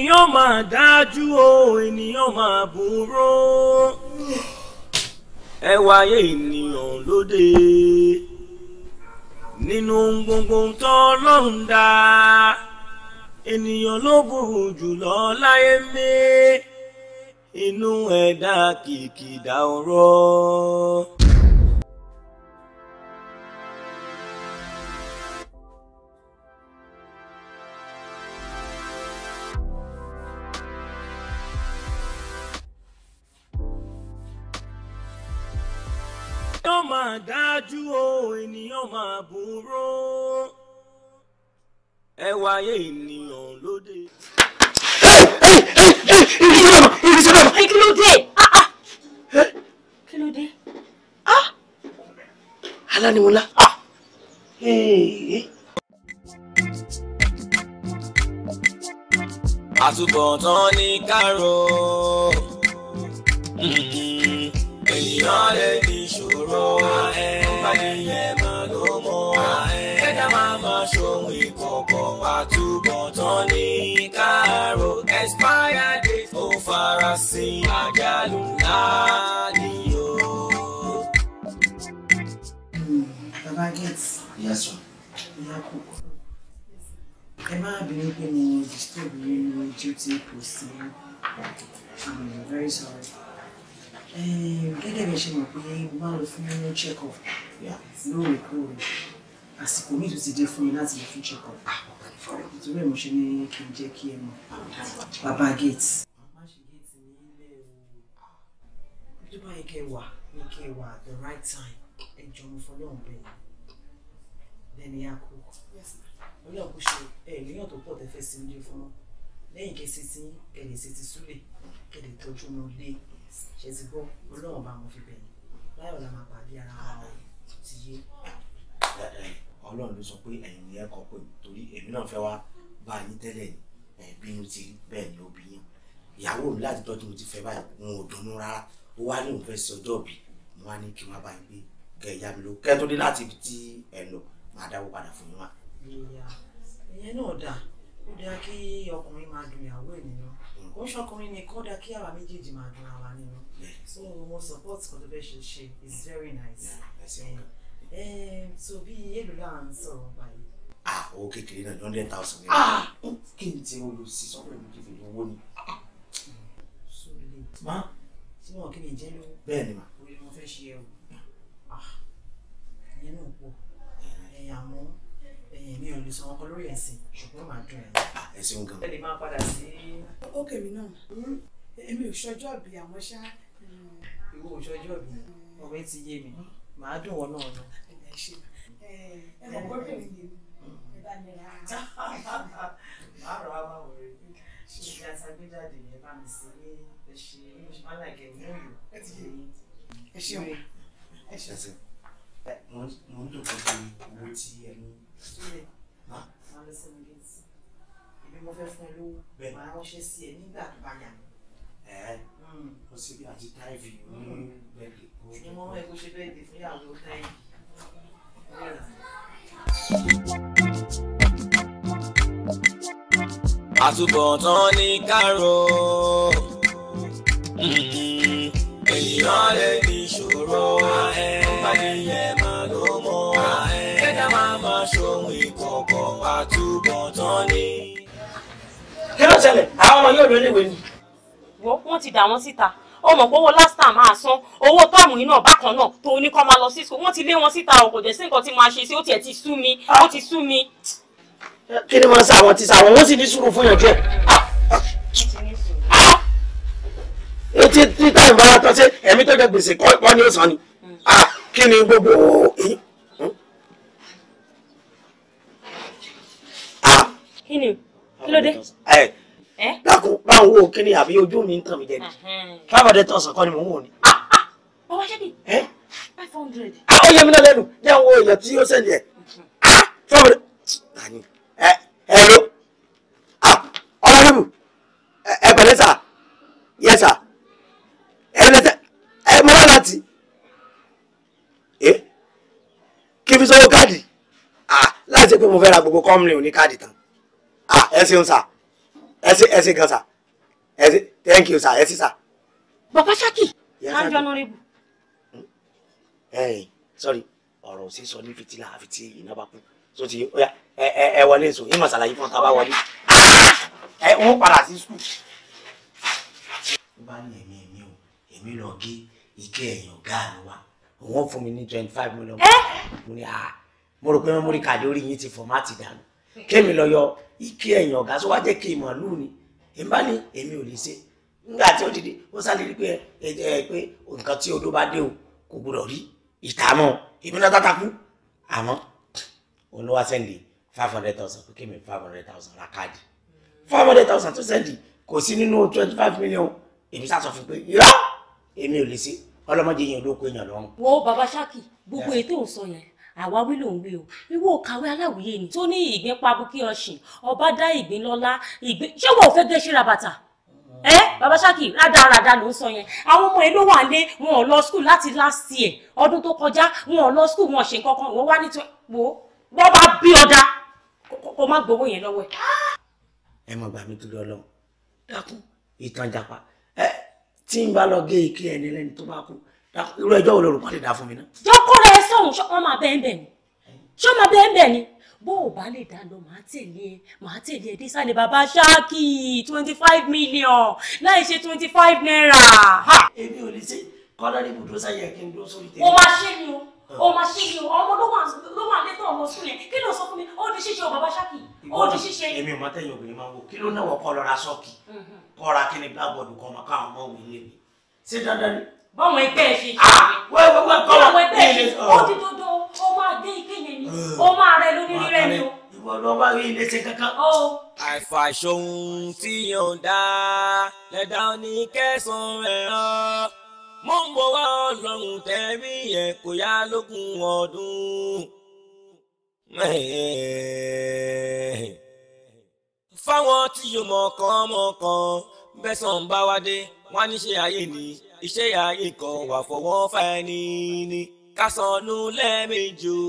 S1: ènìyàn máa dájú o ènìyàn máa burú ẹ wáyé ènìyàn lóde nínú gbogbo tó lọ́rùn dá ènìyàn ló burú jùlọ láyé mi inú ẹ̀dá kìkìdá ọ̀rọ̀. wáyé ènìyàn lóde. kí ló dé kí ló dé. alánimúlá. àtúbọ̀tán ní kárò ènìyàn lè ní ìṣòro bá nìyẹn máa ló mọ́ ẹ̀dá máa máa ṣòwìn ọkọ̀ àtúbọ̀tán ní káàró expire date ó farasin àjálù ńlá nìyó. Hmm, bàbá gate. ìyá sọ. ìyá kúkú. ẹ má bínú pé mo disturb yín ní duty post yín. I'm very sorry. Eh, gẹ́gẹ́ bí ẹ ṣe mọ̀ pé mo máa lọ fún check up lóòrèkóòrè àsìkò mi tún ti dé fún mi láti lè fún check up ah, nítorí mo ṣe ní kí n jẹ́ kí ẹ mọ̀ bàbá gate. màmá ṣe gate ní ilé o ah, bí báyìí kẹ wà ní kẹ wà at the right time ẹ jọ mo fọ lọ́hùn bẹ́ẹ̀ lẹ́ni àkó ọlọ́run kò ṣe ẹ níyàn tó pọ̀ tẹ́fẹ́ sí oúnjẹ fún wọn lẹ́yìn kẹsí tí kẹlẹ̀ sí ti súlẹ̀ kẹlẹ̀ tọ́jú wọn lé ṣe ti gbọ́ ọlọ́run bá wọn fi bẹ̀yìn láyọ̀ la máa pàdé ara wa ti yé ọlọ́run ló sọ pé ẹ̀yin ni ẹ kọ́ pé torí èmi náà fẹ́ wá bá yín tẹ́lẹ̀ ni bínú ti rí bẹ́ẹ̀ ni ó bí yín ìyàwó mi láti tọ́jú mo ti fẹ́ báyìí wọn ò dunnú rárá ó wá ní òun fẹ́ ṣe ọjọ́ òbí mo wá ní kí wọ́n bá yín gbé kẹ́ ìyá mi ló kẹ́ tó dé láti ibi tí ẹ lọ máa dáwọ́ padà fún yín wá. ìyẹn náà dà ó dáa kí ọkùnrin máa dùn ìyàwó ẹ̀ nínú mm. kò ń ṣọkùnrin ni kódà kí àwa méjèèjì máa dùn àwa nínú so mo support kan tó is very nice. Yeah, Eh, so bí èlò là ń sọ̀rọ̀ báyìí. ah owó kékeré náà hundred thousand naira. ah kí n ti olo six hundred and fifty owó ni. so le ma ṣé wọn kí ni jẹ lówó. bẹ́ẹ̀ ni ma. orí wọn fẹ́ ṣe ẹrù ah! ìyẹn náà pọ̀ ẹ̀yìn eh, àmọ́ ẹ̀yìn eh, mi ò lè sọ ọkọ lórí ẹ̀sìn ṣùgbọ́n màá dùn ẹ̀yìn. Ah, ẹ̀sìn gan. ẹ lè máa padà sí. ó kèmí náà hmm? èmi ò ṣọjọ́ bí àmọ́ ṣá. ìwọ ò ṣọjọ́ bí hmm. ọ̀rẹ́ ti yé mi màá dùn wọn náà lọ. ẹ mọ̀ gbọ́dọ̀ mi lè mi bá mi ra. màá rọ wá máa wọlé ṣe kí aṣàgbéjáde yẹn bá mi sí ní ẹṣin ìmọ̀láìkẹ́ ní òyò. ẹ ṣeun ẹ ṣeun. mo ń dùn kọ́kọ́ owó tí ẹ ní. máa lọ sẹ́nu gẹ̀ẹ́sì ibi mo fẹ́ fún ẹ lówó máa ránṣẹ́ sí ẹ nígbà tó bá yà ọsẹ bí àti táìfì mm. mú bẹ́ẹ̀dì. ni mo rán ẹ kó ṣe bẹ́ẹ̀dì fún ìyàwó táìfì. àtúbọ̀tán ní kárò mm-hmm. ènìyàn lè ní ìṣòro báyìí máa ló mọ́ kẹ́kẹ́ máa máa ṣohun ìkọ̀kọ̀ àtúbọ̀tán ní. kí ló ṣẹlẹ̀ àwọn ọmọ yóò lọ léwe ni
S2: gbọ́ wọ́n ti dà wọ́n síta ó mọ̀ pé owó last time á san owó táàmù yìí náà bákan náà tó ní kọ́ máa lọ sí school wọ́n ti lé wọn síta o kò dẹ̀ sí nǹkan tí máa ṣe sí ó tiẹ̀ ti sú mi ah. ó ti sú mi. kí ni wọ́n sá àwọn ti sá àwọn
S1: wọ́n sì ní sùúrù fún yànjú ẹ̀ ah. ah. etí tí táyì bá tán ṣe ẹ̀mí tó jẹ gbèsè kọ́ ni ó san ni hmm. kí ni gbogbo hmm?
S2: kí ni kí ló dé
S1: ń wo kíni àbí ojú mi ń tàn mí jẹ ni five hundred thousand kọ́ ni mò ń wò ni. bàbá
S2: ah, ah. ṣẹ́bi five hundred.
S1: àwọn yẹn mi náà lẹ́nu jẹ́ ń wo èèyàn tí ó sẹ́ni ẹ̀ ah, five hundred. ẹ ẹ lo ọlọ́dúnrún ẹ pẹ̀lẹ́ sà yẹ sà ẹ lẹ́tẹ̀ ẹ mọ́ láti kí fi sọ́wọ́ káàdì láti pé mo fẹ́ ra gbogbo kọ́mìnì òní káàdì tán ẹ ṣeun sà ẹ ṣe gan sà thank you, sir. Yes, sir.
S2: Baba Shaki. Yes, sir. Honorable.
S1: Hmm? Hey, sorry. Ọ̀rọ̀ sí sọ ní fìtílà àfitì iná bá kú. So ti oya ẹ ẹ ẹ wọlé so ìmọ̀ ṣàlàyé fún ta bá wọlé. Ẹ wọ́n padà sí skul. Ó bá ní èmi o, èmi lọ gé ike ẹ̀yìn ọ̀gá mi wá. Wọ́n fún mi ní twenty five million. Mo ní àá ah, mo rò pé wọ́n mórí kàdé orí yín ti fọ̀mátì dànù. Kémi lọ yọ ike ẹ̀yìn ọ̀gá sọ wá jẹ́ kí ìmọ̀ lù ni ìmọ̀ ni èmi ò lè ṣe nígbà tí ó dìde ó sáré rí pé ẹ ẹ pé nǹkan tí odó bá dé o kò gbọdọ̀ rí ìtààmú èmi náà tàtàkù àmọ́ olówó sẹ́ndì five hundred thousand pé kémi five hundred thousand ra káàdì five hundred thousand tó sẹ́ndì kò sí nínú twenty five million èmi sàsọ fún pé irọ́ èmi ò lè ṣe ọlọ́mọdé yẹn olóko èèyàn lọ́rùn.
S2: wo baba Ṣákì gbogbo ètò òsọ yẹn àwa wí ló ń wí o ìwọ kàwé aláwìyé ni tó ní ìgbín pabukí ọ̀sìn ọba dá ìgbín lọ́lá ìgbín ṣé wọn ò fẹ́ gẹ́ṣẹ́ ra bàtà ẹ bàbá ṣáàkì rádaràda ló ń sọ yẹn àwọn ọmọ ẹ ló wà lé wọn ò lọ skul láti last year ọdún tó kọjá wọn ò lọ skul wọn ò ṣe kankan wọn wá ní tó wo
S1: wọn bá bí ọdá kó má gbowó yẹn lọ́wọ́ ẹ. ẹ mọ bàmí tó lọ lọ dákun ìtàn jàpá ẹ tí ń bá lọ gé ìkí ẹni lẹni tó bá kú irú ẹjọ́ wo lorúkọ lè dá fún mi ná.
S2: jọ́kọ́ rẹ sọ̀hún ṣọ́kọ́ máa bẹ́ẹ̀ bẹ́ẹ̀ ni ṣọ́ máa bẹ́ẹ̀ bẹ́ẹ̀ ni bó o bá lè dá lọ màá tẹ̀lé màá tẹ̀lé ẹ sálẹ̀ bàbá ṣáàkì twenty five million láì ṣe twenty five naira. èmi ò lè ṣe kọ́lá ní
S1: ibùdó sáyẹ kí n dúró sórí tèmi. o máa ṣe
S2: ni o o máa ṣe ni o ọmọ ló wà ló wà létò ọmọ sùn yẹn kí ló sọ fún mi ó di ṣíṣe o bàbá ṣáàkì ó di ṣíṣe. èmi
S1: ò máa tẹ̀yìn obìnrin máa ń wò kí ló náwó kọ́ lọ ra ṣọ́ọ̀kì mhm. kọ́ ra kí ni blackboard kọ́ ọmọ káwọn ọmọ òun lè mi ṣé dandan ni báwọn ẹgbẹ́ ẹ ṣe ṣe wẹ́ wẹ́ wẹ́ kọ́ báwọn ẹgbẹ́ ẹ ṣe ó ti
S2: dodo ó máa dé ike yẹn ni uh, ó máa
S1: rẹ lórí rẹ ni o. ìwọ àìfàṣohun tí yóò dá lẹ́dá ní kẹsàn-án rẹ̀ rán mo ń bọ̀ wá ọlọ́run tẹ̀rí yẹn kò yá lógún ọdún. fáwọn tí yóò mọ̀ kàn mọ̀ kàn bẹ́sàn-án bá wá dé wọ́n ní ṣe ayé ni iṣẹ́ ayé kan wà fọwọ́ fa ẹni ni ká sọnù lẹ́ẹ̀mejì o.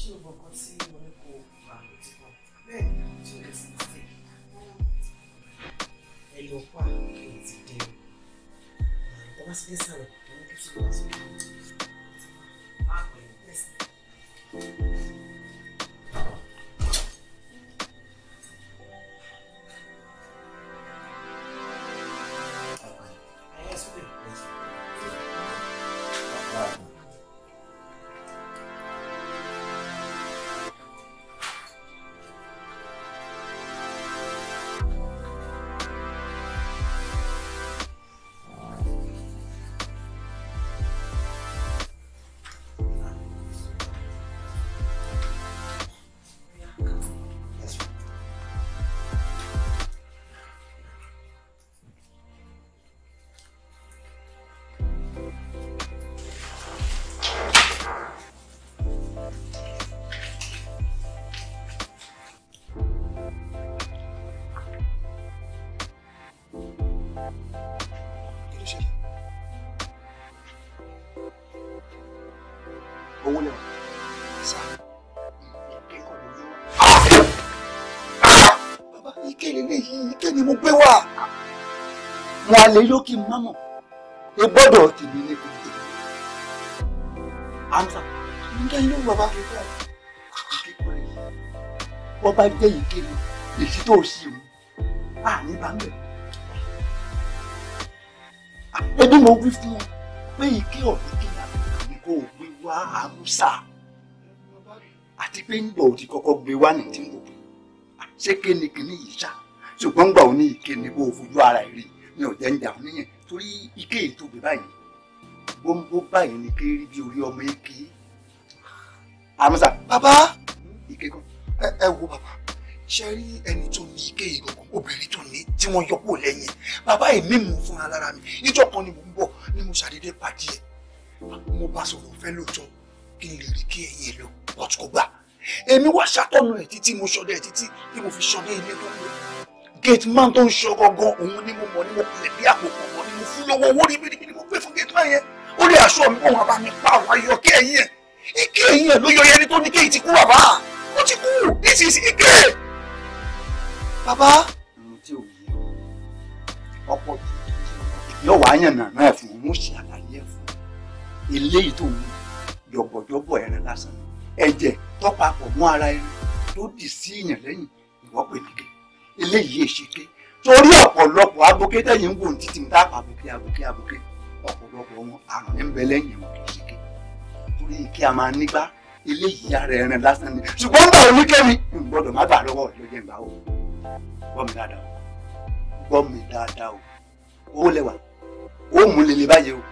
S1: ṣé o bọ̀kan tí ẹ lọ pa kí n ti dé o. ọba sílẹ̀ sàrọ̀ owó lẹ́wọ̀n. sá ìkẹ́kọ̀ọ́ ló lé wa. bàbá ike lélẹ̀ yìí ike ni mo gbé wá. mo àlè yóò kí n má mọ̀ e gbọ́dọ̀ tèmi ní kò tèmi. àǹtà nígbà yín ló bàbá wọ́n bá jẹ́ ìké mi èsì tó sì mu àní bá ń ẹbí mo wí fún ọ pé ìké ọ̀dùnkìyà ni kò wò wá haúsá àti pé ń gbọ̀ òtí kọ́kọ́ gbé wá ní tí ń gbògbé ṣé kéne kìíní yìí ṣá ṣùgbọ́n gbà ó ní ni, bó o fojú ara ẹ̀ rí ní ọ̀jẹ̀ ń dàrú níyẹn torí ike yìí báyìí gbóngbó báyìí ni ké rí bí orí ọmọ eke àmọ́sà ah, bàbá ike kan ẹ wo bàbá ṣe rí ẹni tó ní ike yìí gbọ̀ngàn obìnrin tó ní tí wọ́n yọ kó lẹ́yìn bàbá èmi mú fúnra lára mi ìjọ kan ni mò ń bọ̀ ni mo ṣàdédé pàdé ẹ̀ mo bá sọ̀rọ̀ fẹ́ lóòótọ́ kí n lè rí kí ẹ̀yìn èlò ọ̀tún èmi wá ṣàtọ̀nà ẹ̀ títí mo ṣọdẹ ẹ̀ títí bí mo fi ṣọdẹ ilé tó ń lò gate man tó ń ṣọ gangan òun ni mo mọ̀ ni mo pilẹ̀ bí àpòpọ̀ mọ̀ ni mo fún lọ́wọ́ owó ribiribi ni mo gbé fún gate man yẹn ó lè aṣọ mi bóun àbá mi pa àwọn ayọ̀ kí ẹ̀yìn ẹ̀ ike ẹ̀yìn ẹ̀ ló yọ ẹni tó ní kéyìí ti bàbá ó ti kú this is ike. bàbá. ohun tí ò yẹ ọ̀pọ̀ ìyọ̀wá yẹn nàná ẹ̀ fún mo ṣe àlàyé ẹ̀ eléyìí tó mú jọ̀bọ̀jọ̀bọ̀ ẹran lásán ẹ̀jẹ̀ tó papọ̀ mọ́ ara ẹran tó dì sí ìyàn lẹ́yìn ìwọ́ pèlédè eléyìí èṣèké torí ọ̀pọ̀lọpọ̀ aboké tẹ̀yìn ń wò ní títí níta àbòké àbòké àbòké ọ̀pọ̀lọpọ̀ wọn àrùn ní ń bẹ lẹ́yìn wọn kìí ṣèké torí kí a máa nígbà eléyìí ara ẹran lásán ni ṣùgbọ́n bá oníkẹ́mi n gbọ́dọ̀ má bà lọ́wọ́ lóye ìgbà o gbọ́ mi dáadáa o gbọ́ mi dáadáa o ó lẹ́wà ó mú lele báyìí o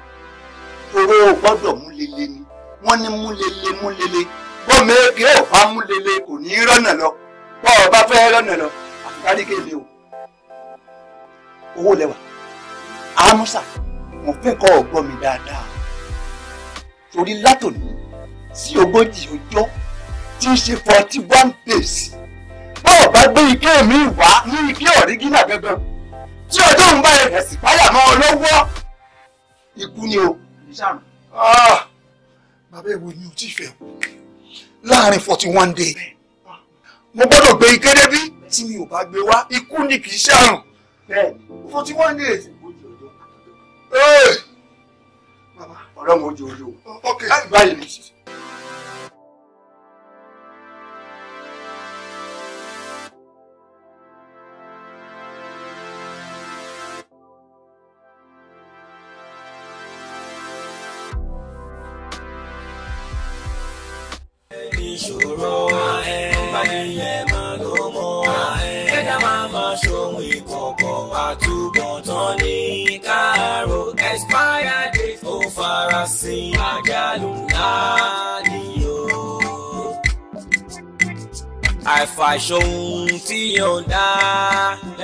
S1: owó gbọ́dọ̀ mú lele ni wọ́n ní mú lele mú lele bó méèké ò bá mú lele kò ní rọ́nà lọ bọ́ ọ bá fẹ́ rọ́nà lọ àfikárí kéde o owó lẹ́wà àmúṣà wọ́n fẹ́ kọ́ ọ̀gbọ́ mi dáadáa torí látòní sí ogójì ọjọ́ tí í ṣe forty one days bọ́ọ̀ bá gbé ike mi wá ní ike ọ̀rígínà gangan tí ọjọ́ ń bá ẹ̀rẹ̀ sí páyà mọ́ ọ lọ́wọ́ ikú ni o ní sàrùn. Ah! bàbá ìwé mi ò tí ì fẹ́ o láàrin forty one day mo gbọ́dọ̀ gbé ike débí tí mi ò bá gbé wá ikú ni kì í ṣàrùn forty one days. bàbá ọlọ́run ó jẹ́ báyìí ni. àṣòhun tí yóò dá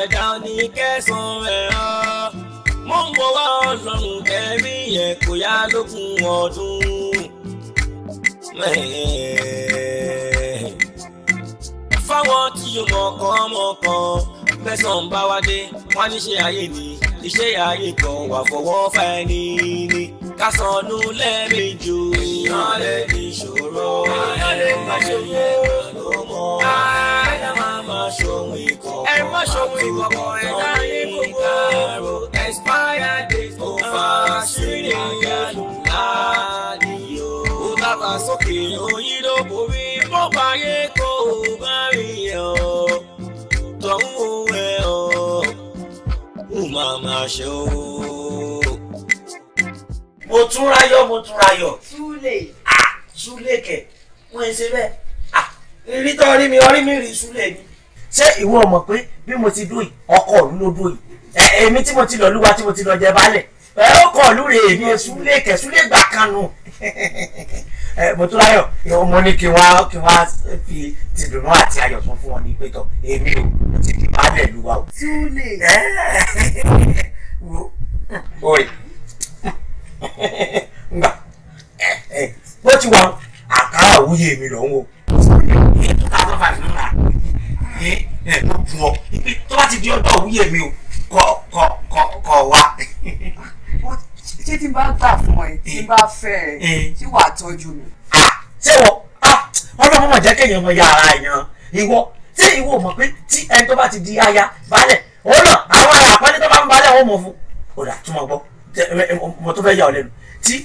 S1: ẹ̀dá ní kẹsàn-án ẹ̀rọ mọ̀ ń bọ̀ wá ọlọ́run ẹ̀rí yẹn kò yá lókun ọdún. fáwọn tí yóò mọ̀kàn mọ̀kàn fẹ̀sán bá wá dé wọ́n ní ṣe ayé ni iṣẹ́ ayé kan wà fọwọ́ fa ni ká sọnù lẹ́ẹ̀mejì o. èèyàn lè ní ìṣòro èèyàn lè má ṣe yẹ ló mọ̀ ṣòwò ìkọ̀kọ̀ ẹ má ṣòwò ìkọ̀kọ̀ ẹ dání gbogbo expire date ó fa ṣírí ìyàlú láàdì yó. ó dàgbà sókè oyin ló borí bó parí kó o bá rí ọ tọ́hún ẹ ọ ó máa máa ṣe o. mo tún rayọ̀ mo tún rayọ̀. súlè. ah súlè kẹ̀ wọ́n ṣe bẹ́ẹ̀. ah rírí tó rí mi orí mi rí súlè ni ṣé ìwọ mọ̀ pé bí mo ti dùn yìí ọkọ òru ló dùn yìí èmi tí mo ti lọ lúwa tí mo ti lọ jẹ baálẹ̀ ọkọ òru rè èmi súlé kẹsúlé gbà kan nù <laughs> mọtòláyọ mo ní kí wọn kí wọn fi tìdùnnú àti ayọ̀ tún fún wọn ní pẹtọ èmi o mo ti di baálẹ̀ lúwa o. súlé <laughs> wo oye <laughs> ngbà bó ti wà àkàrà òwúyè mi lọ́wọ́
S2: two thousand
S1: five naira ẹ ẹ ọ tó bá ti di ọjọ́ òwúyẹ mi o kọ kọ kọ kọ wá. ṣé tí n bá gbà fún ẹ tí n bá fẹ́ ẹ ṣé wàá tọ́jú mi. Ah, ṣé wọ ah, ọlọ́run mọ̀ jẹ́ kéèyàn mọ yàrá èèyàn ìwọ tí ìwọ mọ̀ pé tí ẹni tó bá ti di aya balẹ̀ òun náà àwọn àpẹẹrẹ tó bá ń balẹ̀ wọn mọ̀ fún. ó dà túmọ̀ gbọ́ mo tó fẹ́ yà ọ lẹ́nu tí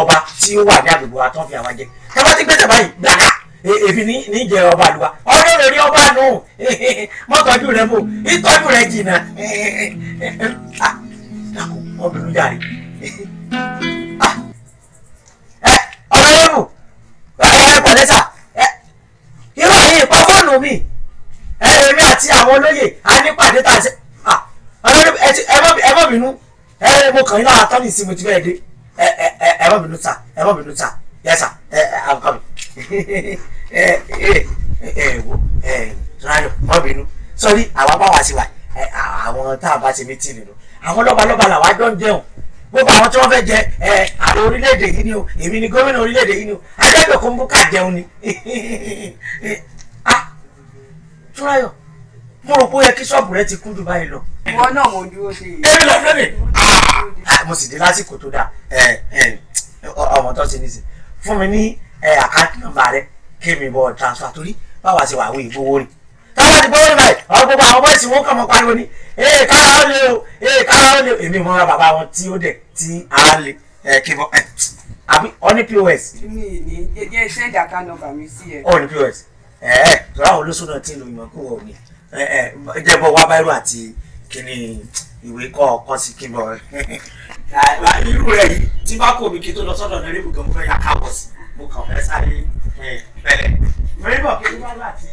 S1: ọba tí ó wà ní àgbègbè wa tó ń fi àwa jẹ tí wọ́n ti gbẹ́sẹ̀ báyìí gbàgà èmi ní jẹ ọba àlùbá ọdún rẹ ní ọba nù <laughs> mọ́tọ́jú rẹ bò ìtọ́jú rẹ jìnnà ọbìnrin <laughs> ah, jàre <laughs> ah, ọ̀rọ̀ yẹ́bù ọ̀rọ̀ ẹ̀kọ́ lẹ́sà irú àyè ìpá fóònù mi èmi àti àwọn olóyè a ní pàdé tà sí ah, ẹ má bínú mo kàn yín lára tọ́lì sí mo ti bẹ́ẹ̀ dé ẹ má bínú ta ẹ má bínú sa. yẹ́sà sa, àwọn kan mi ẹ ẹ ẹ wo ẹ eh, sọ́nàjọ má bínú sọ́rí àwa bá wà sí wa eh, àwọn tá a bá ti mí tì nínú àwọn lọ́balọ́ba làwa jọ ń jẹun gbogbo àwọn tí wọ́n fẹ́ jẹ ẹ eh, ààrẹ orílẹ̀-èdè yìí ni o èmi ni gómìnà orílẹ̀-èdè yìí ni o akẹ́kọ̀ọ́ kò ń bú ká ni <laughs> ah sọ́nàjọ mo rò pé ó yẹ kí ṣọ́ọ̀bù rẹ ti kún jù báyìí lọ. ìwọ náà mo dúró sí i. èmi lọ fẹ́mi ah, ah, mo sì dé lásìkò tó dáa ọmọ tó ti ní sí fún mi ní àkáǹtì nọ́mbà rẹ kémi bọ transfer torí báwa ṣe wà àwọn ìgbowó ni táwa ti gbowó ni báyìí àwọn gbogbo àwọn bọ́ọ̀sì wọn kàn mọ́ pariwo ni ee kára ó lè o ee kára ó lè o èmi mọ́ra bàbá wọn tí ó dẹ̀ tí a lè kébọ̀ àbí ọ̀ní pos. mi ni yẹ ṣe ìdàkà nọ́mbà mi sí ẹ. ọ̀ní pos ẹ ẹ tọ́lá àwọn olóṣù náà ti lò ìmọ̀ kó wọ̀ mí ẹ ẹ jẹ́bọ̀ wá báírò àti kíní ìwé kọ́ ọkọ́ sí kébọ̀ rẹ. <laughs> irú rẹ̀ yìí tí bá kò mí kí tó lọ sọ́dọ̀ náírà ibùgbọ̀n fẹ́ yà káwọ̀ sí mo kàn fẹ́ sáré pẹ̀lẹ́. mo rí bọ̀ kí n bá láti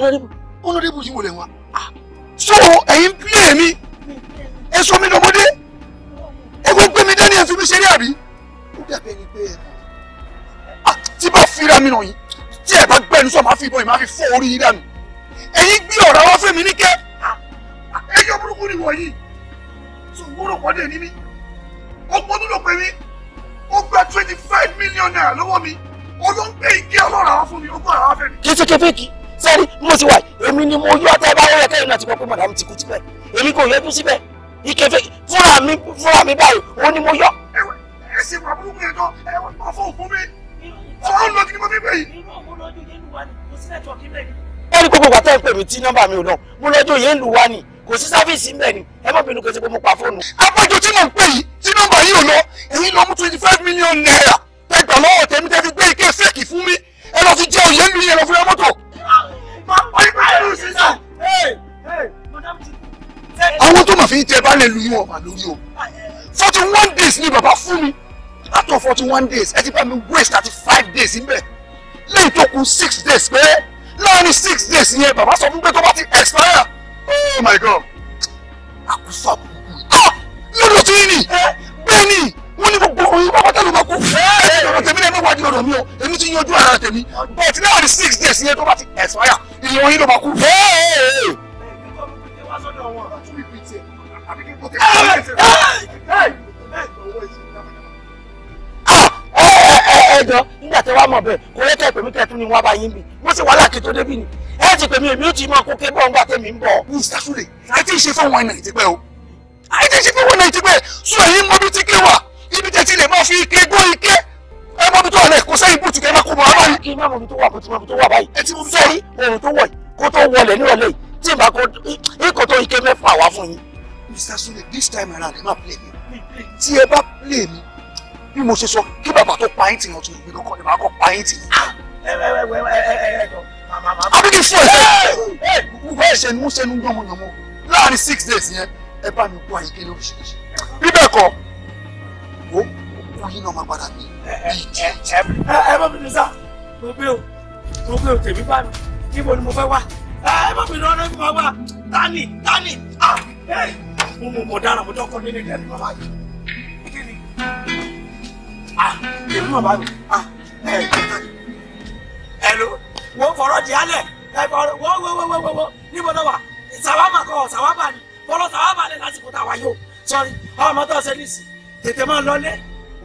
S1: ọ̀nàdébù ọ̀nàdébù yìí wò lẹ̀ wá. Ah! so ẹ̀yin pílẹ̀ mi èso mi lọ́mọdé egun gbé mi dání ẹ̀fí mi ṣeré àbí. ó dàbí ẹni pé ẹ ah! tí bá fira mi nà yín tí ẹ bá gbẹ́nu sọ máa fi ìbọn yìí máa fi fọ́ orí yín dànù. pè tí nọ́mbà mi ò lọ mo lọ́jọ́ yẹn lù wá ni kò sí sáfíìsì ńbẹ ni ẹ má bínú kẹsí pé mo pa fóònù. àpéjọ tí mò ń pè yìí tí nọ́mbà yìí ò lọ èyí lọ mú twenty five million naira tẹgbà lọ́wọ́ tèmi tẹ́ fi gbé ike fẹ́ẹ̀kì fún mi ẹ lọ fi jẹ òye lu yẹn lọ fún mọ́tò. àwọn tó mà fi ń tẹ balẹ̀ lu yín ọ̀mà lórí o forty one days ni bàbá fún mi after forty one days ẹ ti bá mi waste thirty five days ńbẹ lẹ́yìn tó kù six days pẹ́ẹ́ láàrin six days yẹn bàbá sọ fún pé tó bá ti expire oh my god àkúsọ àbùkù lọ́dọ̀ tí ní bẹ́ẹ̀ ni wọ́n ní gbogbo oyin pápátá ló máa kú eh! lọ́dọ̀ tèmi náà wájú lọ́dọ̀ mi o èmi ti yanjú ara tèmi but láàrin six days yẹn tó bá ti expire ìyẹn oyin ló máa kú. ẹ̀ẹ́dọ̀ eh! eh! ah! nígbà wa wàá mọ̀ bẹ́ẹ̀ kò yẹ kẹ́ pèmí kẹ́tún ni wọ́n bá yín bì wọ́n sì wàhálà kí tó débi ni ẹ ti pèmí èmi ó ti mọ kó ké bọ́ ńgbà tẹ̀mí ń bọ̀. mr sule àìtí ìṣe fún wọn náà ti pẹ́ o àìtí ìṣe fún wọn náà ti sọ èyí mọ́bí tí ké wà ibi tẹ̀sí lè máa fi ike gbọ́ ike ẹ mọ́bí tó wà lẹ̀ kó sẹ́yìn bùtù kẹ́ máa kó mọ́ ọ báyìí. kí n má mọ́bí tó wà bó ti mọ́bí tó wà báyìí. ẹ ti mọ́bí tó yìí ike mẹ́fà wá fún yín. mr this time around ẹ má play me bí mo ṣe sọ kí bàbá tó pa ẹ̀ǹtì yẹn tún lè gbé lọ́kọ̀ ni màá kọ́ pa ẹ̀ǹtì yẹn. abíkí fún ẹsẹ gbogbo ẹsẹ ni wọn ṣẹnu gbọmọ yọmọ láàrin six days yẹn ẹ bá mi kó àyíké ní oríṣiríṣi bí bẹ́ẹ̀ kọ́ wo kó yín náà máa padà bí ìdí. ẹ bá mi ní sá mo gbé o mo gbé o tèmi bá mi níbo ni mo fẹ́ wá ẹ bá mi ní ọdún fún wa wá tani tani ah mo mọ̀ dára mo dọ́kọ̀ nínú ìdẹ́nu bàbá yìí kí ni èmi ah, náà bá mi ah, ẹ̀lú wọ́n fọ̀rọ̀ jì á lẹ̀ wọ́n wọ́n wọ́n wọ́n níbo lọ́wọ́ sàwámà kọ́ sàwámà ni fọlọ́ sàwámà lẹ̀ lásìkò táwa yóò sọ́rí ọmọ tó ṣe nísì tètè máa lọlé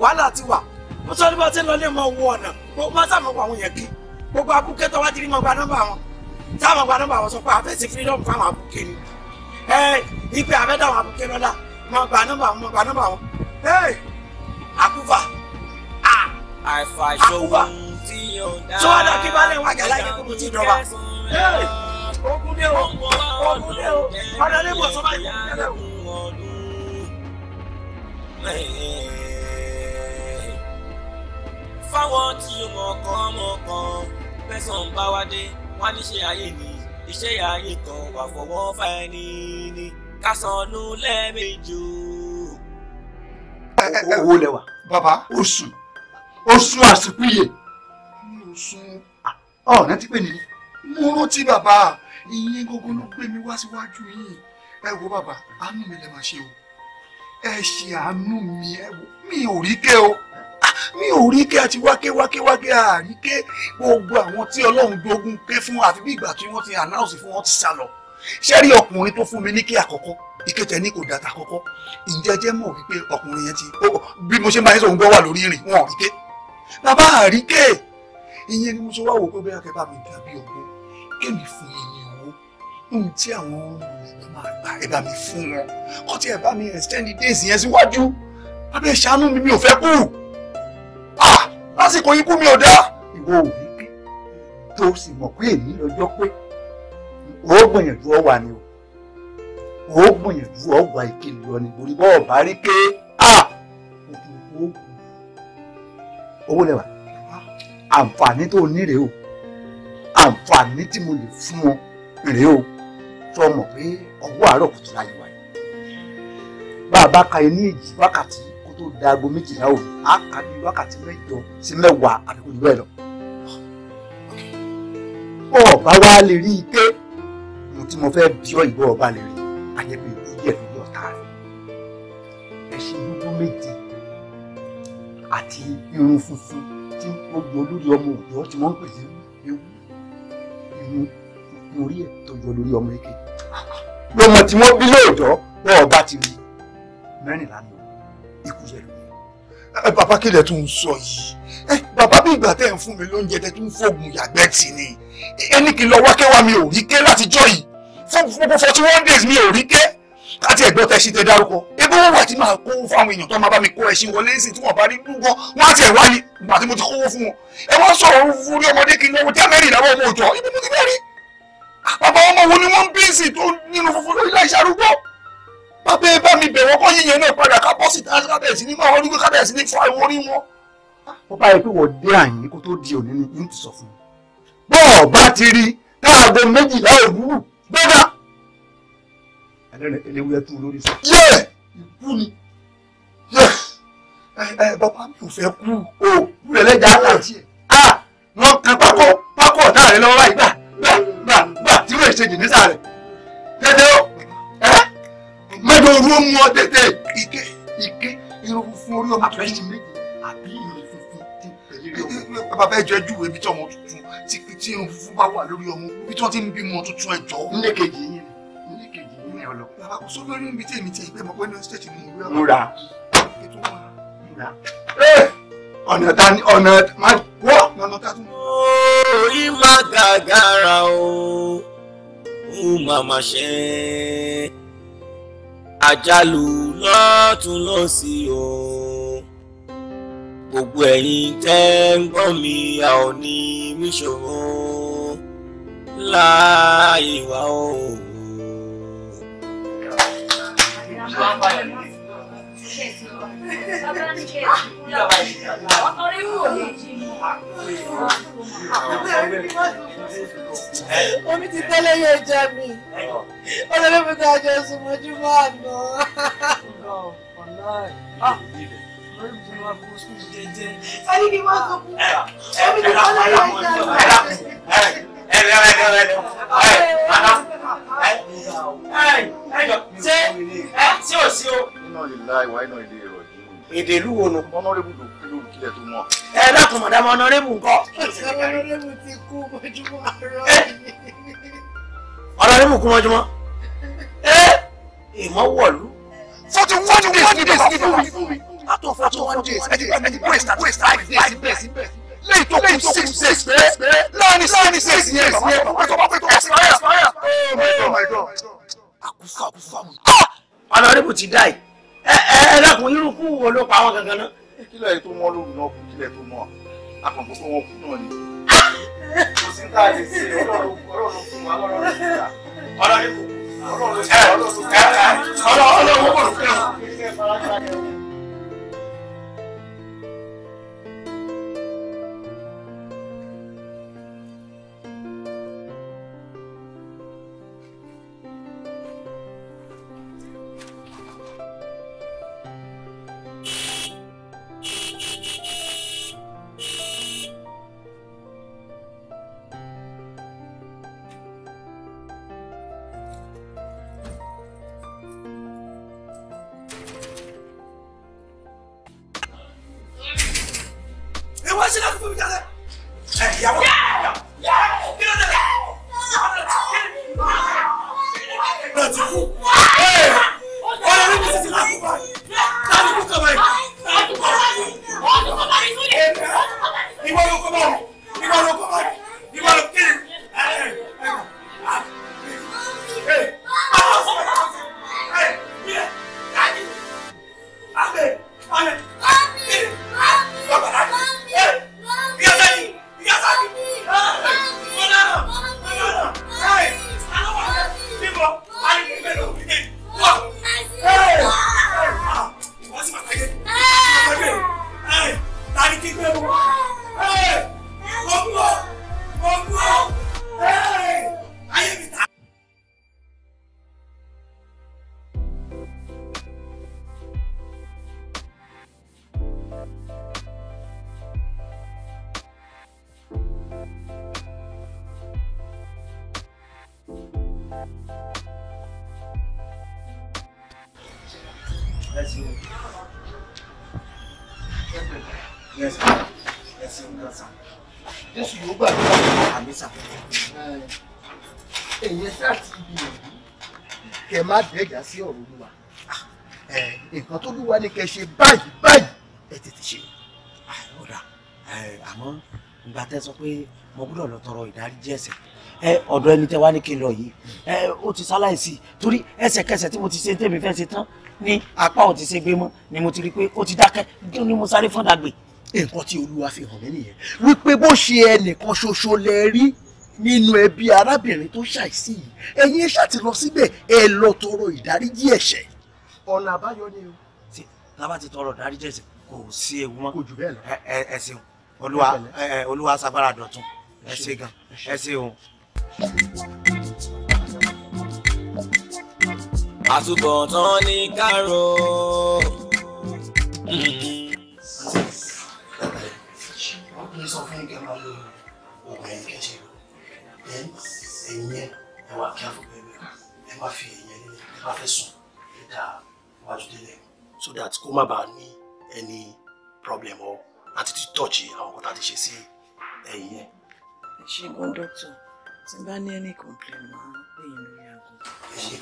S1: wàhálà ti wà mo sọ ní bá ṣe lọlé mọ owó ọ̀nà mo máa sàmọ̀pọ̀ àwọn yẹn kí gbogbo abúké tó wá ti rí mọ̀ gba nọ́mbà wọn táwọn gba nọ́mbà wọn sọ pé àfẹ́sí freedom fáwọn abúké ni ẹ ipe àfẹ́ dáwọn abúké lọ́la mọ̀ gba nọ́mbà wọn mọ̀ gba nọ́mbà wọn ẹ àkúfà àfàṣọwọ́ tí yóò dá. sọ wàdà kí balẹ̀ wájà láyé kó mo ti dọ̀ba. ogun dé o ogun dé o padà lè bọ̀ sọ́ba yìí fáwọn tí mọ̀ kàn mọ̀ kàn fẹ̀sán bá wá dé wá níṣẹ́ ayé ni iṣẹ́ ayé kan wà fọwọ́ fà ẹni ni ká sọnù lẹ́ẹ̀mejì o. owó lẹwà bàbá oṣù oṣù àsìkúyè mi ò sun ọ̀rẹ́ tí pè ní mo rántí bàbá ìyín gógó ló gbé mi wá síwájú yìí ẹ wo bàbá àánú mi lè máa ṣe o ẹ ṣe àánú mi ẹ wo mi ò rí kẹ́ o ah, mi ò rí kẹ́ àti wákẹ́ wákẹ́ wákẹ́ àrí kẹ́ gbogbo àwọn tí ọlọ́run dogun ké fún àfi bí ìgbà tí wọ́n ti ànáùsì fún wọn ti sá lọ ṣé rí ọkùnrin tó fún mi ní kí àkọ́kọ́ ìkẹtẹ ní kò dàtà àkọ́kọ́ ǹjẹ́ jẹ́ mọ̀ wípé ọkùnrin yẹn ti bí mo ṣe máa ń sọ òun bẹ́ wà lórí ìrìn wọn ò rí kẹ́ bàbá àríkè ìyẹn ni mo ṣe wá wò pé bẹ́ẹ̀ kẹ́bà mi dàbí ọgbọ́n kémi fún yín ní owó ohun tí àwọn olùgbọ́n máa gbà ẹ bá mi fún wọn kọ́ tí ẹ bá mi extend days yẹn síwájú bàbá ẹ ṣàánú mi mi ò fẹ́ kú lásìkò ikú mi ò dá ìwọ ò ní pé tó sì mọ̀ pé èmi lọ́jọ́ pé ó gbìyànjú ọ̀wà ni o ó gbìyànjú ọ̀wà ìkìlọ̀ ni borí bọ́ọ̀ bá rí pé ó owó lẹ́wà àǹfààní tó ní rèé o àǹfààní tí mo lè fún ọ rèé o tó mọ̀ pé ọwọ́ àárọ̀ kùtù láyé wa yìí bá a bá ka ẹ ní èjì wákàtí kó tó da aago méjìlá òru á kà bí wákàtí mẹ́jọ sí mẹ́wàá àbíkú jù bẹ́ẹ̀ lọ. bọ́ ọba wa lè rí i pé mo tí mo fẹ́ bí ọ ìbọn ọba lè rí i àjẹpẹ́ ìlú díẹ̀ lórí ọ̀tá rẹ̀ ẹ̀ṣin gbogbo méje àti irun funfun tí ó yọ lórí ọmọ òòjọ́ tí wọ́n ń pè ní ewu irun funfun orí ẹ̀ tó yọ lórí ọmọ eke lọmọ tí wọ́n bí lóòjọ́ wọn ọba ti rí mẹ́rìnlá ni ikú yẹ lómi. bàbá kílẹ̀ tún ń sọ yìí bàbá bí ìgbà tẹ́ ń fún mi lóúnjẹ tẹ́ tún fóògùn yàgbẹ́ tì ní ẹni kí n lọ wákẹ́wà mi ò rí ké látijọ́ yìí fún forty one days mi ò rí ké láti ẹ̀gbọ́n tẹ̀sí tẹ dárúkọ ebi wọn wà tí máa kó fáwọn èèyàn tó máa bá mi kó ẹṣin wọlé ẹsìn tí wọn bá rí dúgbọ wọn á ti ẹwà ni ìgbà tí mo ti kówó fún wọn ẹ wọn sọ̀rọ̀ fúri ọmọdé kí n lọ́wọ́ tẹ mẹ́rin ìdáwọ ọmọ òjọ ibi mo ti mẹ́rin bàbá ọmọ wo ni wọn ń bíìsì tó nínú funfun lórí láì ṣàrúgbọ bàbá ẹ bá mi bẹ̀ wọ́n kọ́ yíyan náà padà ká bọ́ síta kábẹ̀sì ní máa wọlé kábẹ̀sì ní fún àìwọ́ rí wọn. ó bá yẹ pé wọ́n dé àyìn kó tó di òní ni yóò ẹlẹ́rìn eléwúrẹ́ tún lórí sọ. yẹ ikú ni yẹ ẹ bàbá mi ò fẹ́ kú ó kú rẹ̀ lẹ́jà àtàtì ẹ̀ á wọ́n kan pákó pákó ọ̀tá rẹ̀ lọ́wọ́ báyìí gbà gbà gbà gbà tí wọ́n ṣe jì nísà rẹ̀ tẹ́tẹ́ ó ẹ mẹ́jọ orú ó mú ọ tẹ́tẹ́ ike ike irun fún orí ọmọ àfẹ́sì méjì àbí ìrìn funfun ti pẹ̀lú ọmọ. bàbá ẹjọ ẹjú ìwé bí tí ọmọ tuntun ti irun funfun bá wà lórí ọmọ bí tí wọ́n ti ń bímọ tuntun ẹjọ́. ní kejì yìí lọ. bàbá kò sọ lórí mi tèmi tẹ ìgbẹ́ mọ̀ pé ní stéètì ni ìwé ọ̀rọ̀. múra múra. ọ̀nà ta ni ọ̀nà má wọ́ ọ̀nà ta tún. orí má gàgàrà o ó màmá ṣe àjálù lọ́tún lọ́sí o gbogbo ẹ̀yin tẹ́ ń gbọ́ mi a ò ní mí ṣòro láàyè wá o. Omi ti tẹ́lẹ̀ yóò jẹ mi. Olólùfẹ́ tó àjọ sùn mọ́júmọ́ àná. Ẹni ni wọ́n sọ fún mi. Omi ti tẹ́lẹ̀ yóò jẹ mi. Ẹ ẹ ẹ ẹ ẹ ẹ ẹ ẹ ẹ ẹ ẹ ẹ ẹ ẹ ẹ ẹ ẹ ẹ ẹ ẹjọ ṣé ẹ tí ò sí o. iná lè la ìwà iná ilé ẹ̀rọ yìí. èdè ìlú wo nu. ọ̀nàrẹ́bù ló kú lóru kílẹ̀ tó mọ̀. ẹ lákùn mọ̀dàmọ́ ọ̀nàrẹ́bù ńkọ́. ọ̀nàrẹ́bù ti kú mọ́júmọ́ àárọ̀ yìí. kú mọ́júmọ́. ìmọ̀ wọ̀lú. forty one one days ni fún mi. out of forty one days ẹni ẹni waste and waste five days tó kún six six pé láàrin six years yẹn ẹ̀sìn yẹn ẹ̀sìn yẹn ẹ̀sìn àkúfà àkúfà wù. ọ̀nà orí bù ti dá yìí ẹ ẹ lẹ́kùn irú kú wo ló pa wọn gangan náà. kílẹ̀ tó mọ́ lóru náà kù kílẹ̀ tó mọ́ àkànbọ̀ pé wọ́n kú náà ni. Ah! kò sí tá a lè ṣe ọlọ́run ọlọ́run fún wa ọlọ́run fún wa ọlọ́run fún wa ọlọ́run fún wa ọlọ́run fún wa ọlọ́run fún wa. ẹ̀dá sí ọ̀rọ̀ olúwa ah, nǹkan tó lúwa ní kẹ́ ṣe báyìí báyìí ẹ tètè ṣe ọ̀dà ah, àmọ́ ìgbà tẹ́ sọ pé mo gbọ́dọ̀ lọ tọrọ ìdáríjì ẹ̀ṣẹ̀ ẹ ọ̀dọ̀ ẹni tẹ́ wá ní kí n lọ yìí ẹ ó ti ṣaláìsí torí ẹsẹ̀kẹsẹ̀ tí mo ti ṣe tèmi fẹ́ ṣe tán ní apá ò ti ṣe gbé mọ́ ni mo ti rí i pé ó ti dákẹ́ ni mo sáré fọ́ndà gbé. nǹkan tí olúwa fi hàn mí nìyẹn wípé bó ṣe ẹnìkan ṣoṣo lẹ rí nínú ẹbí arábìnrin tó ṣàìsí yìí ẹ̀yin ẹ ṣáà ti lọ síbẹ̀ ẹ lọ tọrọ ìdáríjì ẹ̀ṣẹ̀. ọ̀nà àbáyọ ni o. ṣe tábà ti tọrọ ìdáríjì ẹ̀ṣẹ̀ kò sí ewu mọ́ kò jù bẹ́ẹ̀ lọ. ẹ ẹ olúwa ẹ olúwa sáfárà dọ̀tun ẹ ṣe gan ẹ ṣeun. àtúbọ̀tán ní kárò. ṣé ọkùnrin sọ fún ìkẹ́ máa lò ó so that come about me any problem or attitude touchy, tọ́ọ̀chì àwọn ọkọ̀ tá a ti ṣe sí go.
S2: ẹ ṣe gan dókítà tí bá any complain máa ń pè yín lórí aago.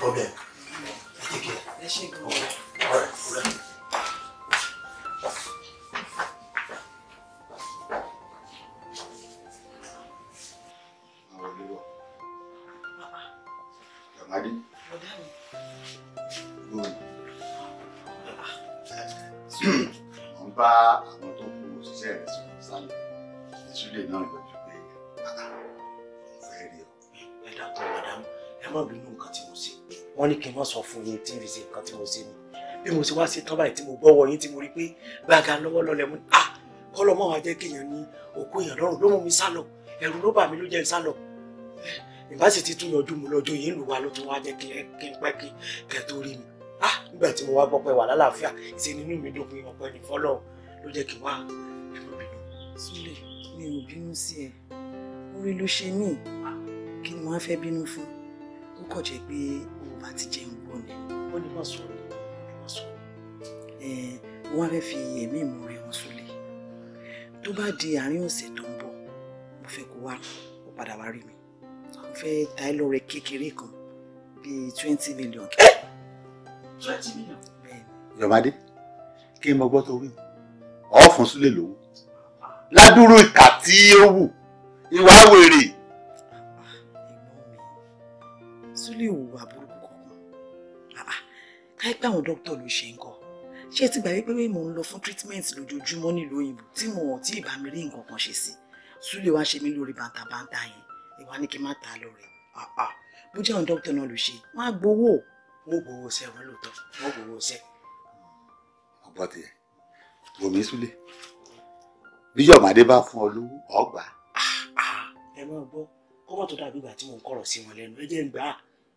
S2: problem ẹ take care. ẹ ṣe gan. ọ̀rẹ́ ọ̀rẹ́ ọ̀rẹ́.
S1: wọ́n bá àwọn tó kú òṣìṣẹ́ rẹ̀ sọ̀rọ̀ sálẹ̀ ìṣúlẹ̀ náà lọ́jọ́ pé mo fẹ́ rí ọ. ẹ dákun madam ẹ má bínú nǹkan tí mo ṣe wọ́n ní kí n má sọ fún yín tí n fi ṣe nǹkan tí mo ṣe ni bí mo ṣe wá sí tán báyìí tí mo gbọ́wọ́ yín tí mo rí pé gbàgà lọ́wọ́ lọ́lẹ̀ mú ah kọ́lọ́ mọ́ wa jẹ́ kéèyàn ní òkú èèyàn lọ́rùn ló mú mi sálọ ẹ̀rù ló bà mí ló jẹ́ ń sálọ ìbá sì ti tún yọjú mu lọ́jọ́ yìí ń lù wá ló tún wá jẹ́ kí n pẹ́ kí kẹ́ tó rí mi ah nígbà tí mo wá gbọ́ pé wà lálàáfíà ìṣe nínú mi dùn pé ọpẹ́ ní fọ́lọ́run ló jẹ́ kí n wá ẹ̀mọ́ bínú. Súlẹ̀ mi ò bínú sí ẹ orí ló ṣe mí ah, kí ni wọ́n á fẹ́ bínú fún ó kọ̀ jẹ́ pé òun bá ti jẹun gbọ́ ni. wọ́n ní má sọ̀rọ̀ ní má sọ̀rọ̀. ẹ wọ́n á fẹ́ fi ẹ̀mí ìmúre wọn súlẹ̀ tó bá di àárín ọ̀sẹ̀ tó ń bọ̀ mo fẹ́ kó wá padà wá rí mi mo fẹ́ ta ẹ lọ́rẹ kékeré kan bíi twenty million twenty million. ìjọbadé kí n mọ gbọ́ tó wí ọ̀fun sílẹ̀ lówó ládùúrú ìkà tí ó wù ìwà wèrè. súlẹ̀ ìwà burúkú kankan ah, káípẹ́ àwọn dókítà ló ṣe ń kọ́ ṣé ti gbà wípé mò ń lọ fún treatment lójoojúmọ́ nílùú òyìnbó tí wọn ò tí ì bá mi rí nǹkan kan ṣe sí súlẹ̀ wá ṣe mí lórí bàǹtàbàǹtà yẹn ìwà ni kí n má ta lọ ah, ah. bó jẹ́ àwọn dókítà náà ló ṣe wọ́n á gbowó wọ́n gbowó sẹ́ wọn lóòótọ́ wọ́n gbowó sẹ́. ọgbọ́n tiẹ̀ bòmí súlẹ̀ bí yọ̀mádé bá fún ọ lówó ọgbà. Ah, ah, ẹ máa gbọ́ kọ́mọ̀ tó dàbí ìgbà tí mo ń kọ̀rọ̀ sí wọn lẹ́nu ẹjẹ́ ń gbà á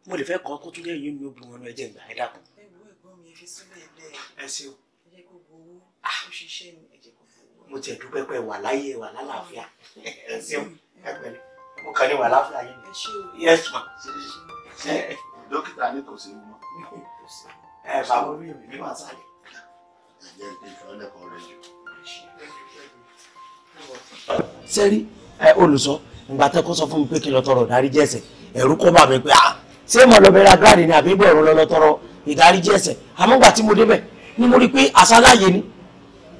S1: mo lè fẹ́ kọ́ kó tún lẹ́yìn mi ó bí wọn ẹjẹ́ ń gbà á dàpọ̀. ẹ wo ẹ̀gbọ́n mi fi sílẹ̀ lẹ ẹ ṣeun ẹ jẹ́ kó gbowó ah. ó ṣiṣẹ́ mi ẹ jẹ́ kó fowó. mo tiẹ̀ dúpẹ́ pé wà láyé wà lálàáfíà ẹ <laughs> ṣeun ẹ pẹ̀lẹ́ mo kàn ní wà láàfíà yìí. ẹ ṣeun yes ma. <laughs> dókítà ní kò sí ụmụ, ẹ bá wọ rí mi wá sáré. ẹ jẹ́ kí nǹkan lẹ́kọ̀ọ́ rẹ olùsọ ìgbà sọ fún mi pé kí lọ tọrọ ìdáríjì ẹ̀ṣẹ̀ ẹ̀rú kọ́ bà mí pé ah ṣé mo lọ bẹ̀rẹ̀ agbára ni àbí bọ̀rọ̀ lọ lọ tọrọ ìdáríjì tí mo débẹ̀ ni mo rí pé ni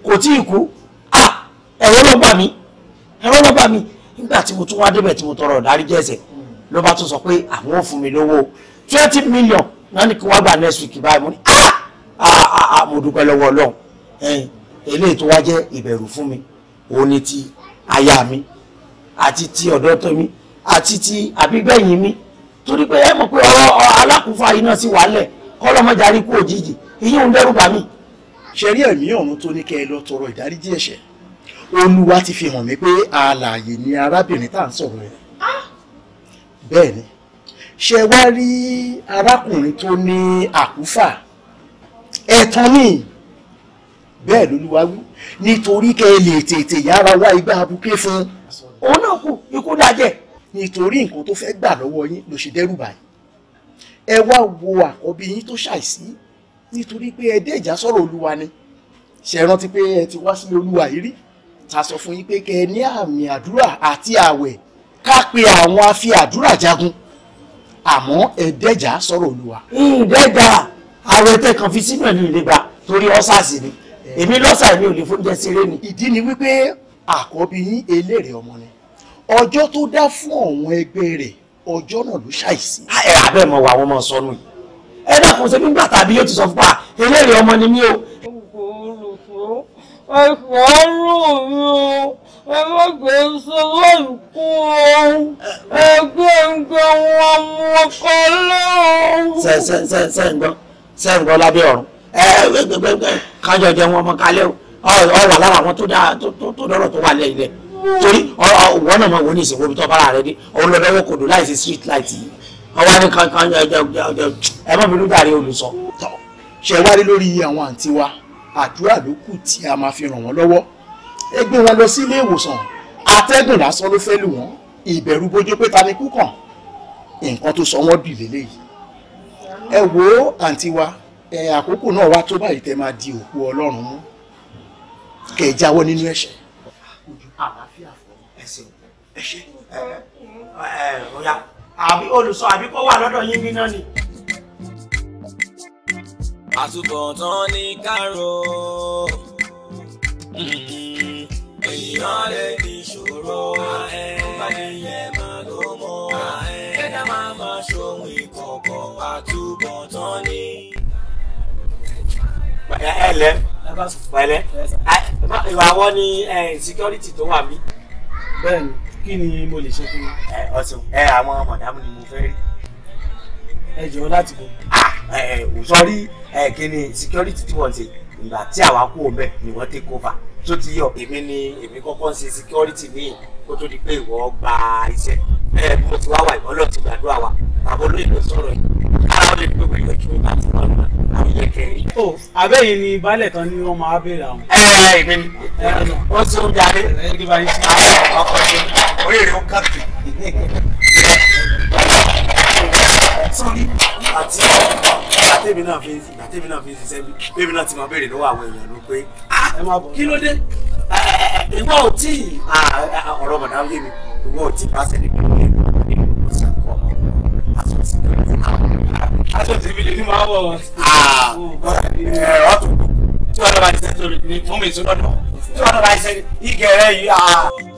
S1: kò tí ì kú ah ẹ̀rọ lọ ẹ̀rọ lọ tí mo tún wá débẹ̀ tí mo tọrọ ló bá tún sọ pé àwọn ò fún mi lówó twenty million náà ni kí wọ́n gbà next week báyìí mo ní ah, ah, ah, ah mo dúpẹ́ lọ́wọ́ ọlọ́run eléyìí tó wá jẹ́ ìbẹ̀rù fún mi òun ni ti aya mi àti ti ọ̀dọ́ tó mi àti ti àbígbẹ̀yìn mi torí pé ẹ mọ̀ pé ọ̀rọ̀ alákùnfà iná sí wàálẹ̀ kọ́lọ́mọjarí kú òjijì ìyẹn òun dẹ́rù bà mí. ṣẹ̀rí ẹ̀mí ọ̀run tó ní kẹ́ ẹ lọ tọrọ ìdáríjì ẹ̀ṣẹ̀ olúwa ti fi hàn mí pé alààyè ni arábìnrin tá à ń sọ̀rọ̀ rẹ̀ bẹ́ẹ̀ ni ṣe wá rí arákùnrin tó ní àkúfà ẹ̀tàn ni bẹ́ẹ̀ lolúwawí nítorí kẹ́ ẹ lè tètè yára wá igbá abuké fún òun náà kù ikú dájẹ́ nítorí nǹkan tó fẹ́ gbà lọ́wọ́ yín ló ṣe dẹ́rù báyìí ẹ wá wo àkọ́bí yín tó ṣàìsí nítorí pé ẹ dé ìjà sọ̀rọ̀ olúwa ni ṣe rántí pé ẹ ti wá sí olúwa yìí rí ta sọ fún yín pé kẹ́ ẹ ní àmì àdúrà àti ààwẹ̀ ká pe àwọn afi àdúrà jagun àmọ́ ẹ̀ẹ́dẹ́jà sọ̀rọ̀ olúwa. ǹdẹ́jà ààrẹ tẹ kan fi sínú ẹ̀mí ìlera torí ọ́sàsì ni èmi lọ́sà èmi ò lè fóúnjẹ ṣeré ni. ìdí ni wípé àkọ́bí yín eléèrè ọmọ ni ọjọ́ tó dá fún ọ̀wọ́n ẹgbẹ́ rẹ̀ ọjọ́ náà ló ṣàìsí. ẹ abẹ́ mọ̀ wà wọ́n mọ̀ sọnù yìí ẹ dákun ṣe nígbà tàbí yóò ti sọ fún wa eléèrè ọmọ ni mí o.
S2: ọkọ̀ ọ̀rùn mi o ẹ má gbé sọ́wọ́ ìkú o ẹgbẹ́ ẹgbẹ́ wọn mọ kọ́ lọ́wọ́.
S1: sẹ sẹ sẹ sẹ ń gbọ́ sẹ ń gbọ́ lábẹ́ ọ̀run ẹ gbẹgbẹgbẹ kájọ jẹ wọn ọmọ kalẹ́ o ọ wà lára àwọn tó dọ́rọ̀ tó wà lẹ́yìn lẹ́yìn torí ọwọ́ náà máa wọ ní ìsìnkú tó bára rẹ dé òun lọ lọ́wọ́ kòdó láìsí street light yìí ọwọ́ ní kankan ẹ má bínú dàrí olùsọ. ṣe wá rí lórí àwọn àǹtí wa àdúrà ló kù tí a máa fi ràn wọ́n lọ́wọ́ ẹ gbé wọn lọ sí ilé ìwòsàn atẹ́gùn lásán ló fẹ́ lù wọ́n ìbẹ̀rù bójú pé ta ni kú kàn nǹkan tó sọ wọ́n dì lélẹ́yìí ẹ wo àǹtí wa ẹ àkókò náà wá tó báyìí tẹ máa di òkú ọlọ́run mú kẹ jáwọ́ nínú ẹ̀ṣẹ̀. àlàáfíà fún ẹsẹ̀ ẹ̀ṣẹ̀ ọ̀yà àbí olùsọ àbí kó wà lọ́dọ̀ yín bí náà ni. àtúbọ̀tán ní kárò èèyàn lè ní ìṣòro nípa ìyẹn máa ló mọ̀ kẹ́dá ìwà wọn ni security tó wà mí. bẹ́ẹ̀ni kí ni mo lè ṣe fún mi. ẹ ọsùn ẹ àwọn mọ̀dámù ni mo fẹ́ rí. ẹ jọ̀ọ́ láti bọ̀. ẹ ò sọ rí kí ni security tí wọ́n ṣe ìgbà tí àwa kú òun bẹ́ẹ̀ ni wọ́n take over tó ti yọ èmi ni èmi kọ́kọ́ ń ṣe security mi kó tó di pé ìwọ gba iṣẹ́ ẹ mo ti wá wà ìwọ náà ti gbàdúrà wa bàbá olóyè ló yìí ara lè pé wọ́n yọjú nígbà tí wọ́n mọ̀ àwọn yẹn kẹrin. o abẹ́yìn ni baálẹ̀ tán ni wọ́n máa béèrè àwọn. ẹ ẹ èmi ni wọ́n ti ń darí àwọn ọkọ̀ ṣe orí rẹ̀ kàkì sọ́rí àti àtẹ̀mí náà fi àtẹ̀mí náà fi ṣiṣẹ́ bí bébí náà ti máa béèrè lọ́wọ́ àwọn èèyàn ló pé ah, kí ló dé eh, eh, ìwọ ò tí Ah, mọ̀dá ah, yé mi Ah, ò tí pàṣẹ nípa Ah,
S2: nínú ọ̀sán kọ́ ọmọ Ah, eh, àtúntì mi
S1: Ah, ní máa wọ̀ ọ̀tún Ah, wọ́n lọ́ba ṣiṣẹ́ tó Ah, fún mi Ah, náà tí wọ́n lọ́ba Ah, ìgẹ̀rẹ́ yìí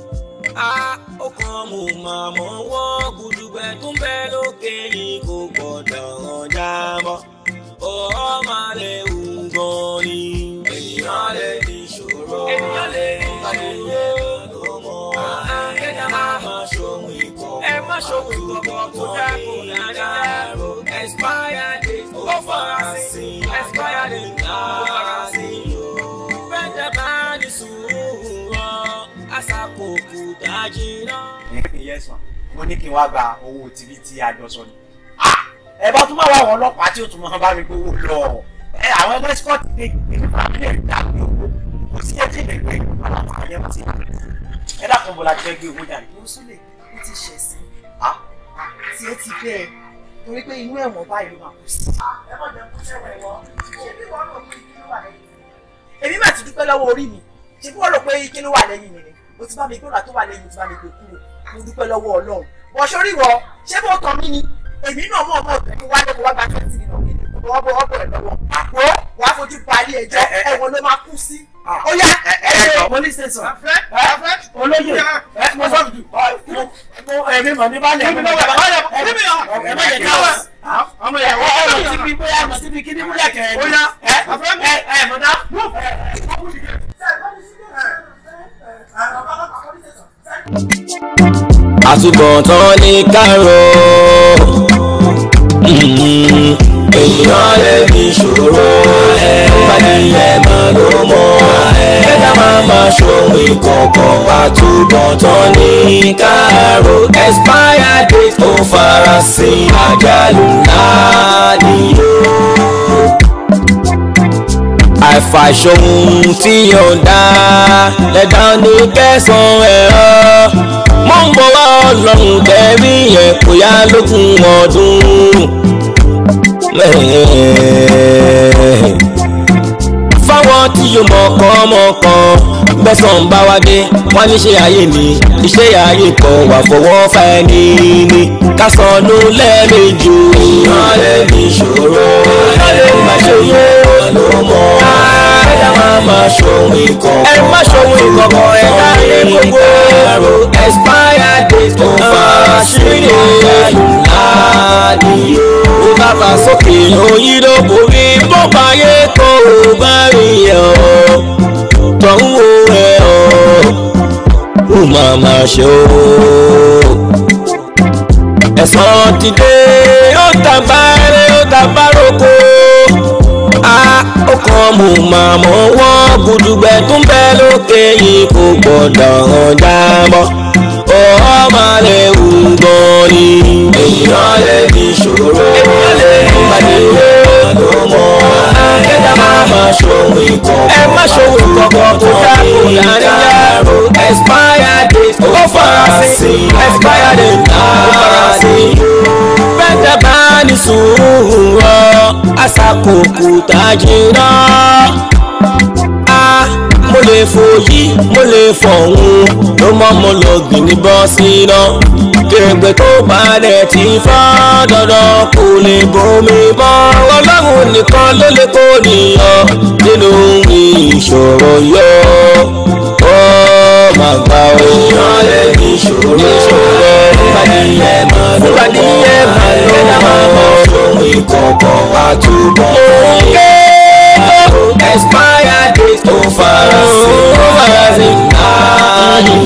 S1: a ó kàn mú màmá wọ́n gùdùgbẹ́ tó ń bẹ lókè ní kò gbọ́dọ̀ ọjà mọ́. ó ní kí n wá gba owó tìbí tí a jọ sọ ni. ẹ bá tún máa wá àwọn ọlọ́pàá tí ó tún máa bá mi gbowó lọ ẹ àwọn ẹgbẹ́ skọ́ọ̀tì lè gbé ìfàmílẹ̀ ìdàgbé owó kò sí ẹtí lè gbé ìfàmílẹ̀ àyẹ̀wò ti ẹ dákun bọ̀lá jẹ́ gbé owó jáde. mo sún lè mo ti ṣẹ̀ sí tí ẹ ti bẹ́ẹ̀ torí pé inú ẹ̀wọ̀n báyìí ló máa kú sí. ẹ má jẹ́ kó ṣẹ̀wọ̀n ẹ̀wọ̀n ṣé bí wọ́n rò pé kí ló wà lẹ́yìn mi. èmi mà ti dúpẹ́ lọ́wọ́ orí mi ṣé bí wọ́n rò pé kí wà lẹ́yìn mi ni mo ti bá mi gbọ́dọ̀ tó lẹ́yìn mi ti bá mi gbé kúrò mo dúpẹ́ lọ́wọ́ ọlọ́run bọ̀ sórí wọ ṣé mo tàn mí ni èmi náà mọ̀ ọmọ ọ̀tọ̀ ní wáyé kó wá gba twenty million ọbọ ọbọ ẹ lọ́wọ́ àpò wàá fojú parí ẹjọ́ ẹ̀wọ̀n ló máa kú sí. ó yá ẹ ẹ police station olóyè ẹ mo sọ mo ẹbí mọ ní balẹ̀ ẹbí mọ ẹbí mọ ẹbí mọ ẹbí mọ ọmọ yẹn wọ́n ọmọ síbi bóyá ọmọ síbi kí ni múlẹ̀ kẹ́ ẹ ní ẹ ẹ mọ̀dá àtúbọ̀tán ní kárò èèyàn lè fi ṣòro báyìí mọ́ ló mọ́ kẹta máa ma ṣòwò ìkọ̀kọ̀ àtúbọ̀tán ní kárò expire date ó farasin àjálù ńlá nìyó ẹ̀fà ṣòun tí yóò dá lẹ́dá ní kẹsàn-án ẹ̀rọ mò ń bọ̀ wá ọlọ́run kẹrí yẹn kò yá lókun ọdún. fáwọn tí yóò mọ̀kànmọ̀kàn bẹ́sàn bá wá dé wọ́n ní ṣe ayé mi iṣẹ́ ayé kan wà fọwọ́ fa ẹni ni ká sọnù lẹ́ẹ̀mejì. ìyá lè ní ìṣòro ìyá lè má ṣe yé ló mọ̀ ẹ má ṣòwò ìkọ̀kọ̀ ẹ̀ka ní gbogbo ẹ̀rọ expire date tó fà sílé ìlànìyó. ó bá bá sókè lóyún ló kò rí bó bá yé tó o bá rí ẹ̀ ọ́ tọ́hún o ẹ̀ ọ́ ó máa má ṣe o. ẹ̀sán ti dé ó tàbá eré ó tàbá roko mú màmọ́ wọn gudugbẹ tó ń bẹ lókè yìí kò gbọdọ̀ hàn jábọ́ ọ̀họ́ máa lè wù gan ni. èèyàn lè ní ìṣòro èèyàn lè ní ìṣòro kẹ́ta máa ma ṣòwò ìkọ̀kọ̀. ẹ má ṣòwò ìkọ̀kọ̀ tó dákú láníyà. expire date ó farasin expire date ó farasin. bẹ́tẹ̀ bá ní sùúrù rọ àṣà kòkòtà jìnnà mo lè fò yí mo lè fọ̀hún ló mọ́ mo lọ gbìn ní bọ́ọ̀sì náà kèrègbè tó balẹ̀ ti fọ́ dandan kò lè bomi mọ́ ọlọ́run nìkan ló lè kó nìyàn nínú ìṣòro yọ máa gbà ó. ìyàn ìṣòro ìṣòro nígbàdíyẹ máa ló nígbàdíyẹ máa ló máa mọ̀ fún ìkọ̀kọ̀ àtúbọ̀
S2: farasin láàyè.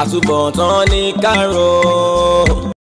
S2: àtúbọ̀tán ní kárò.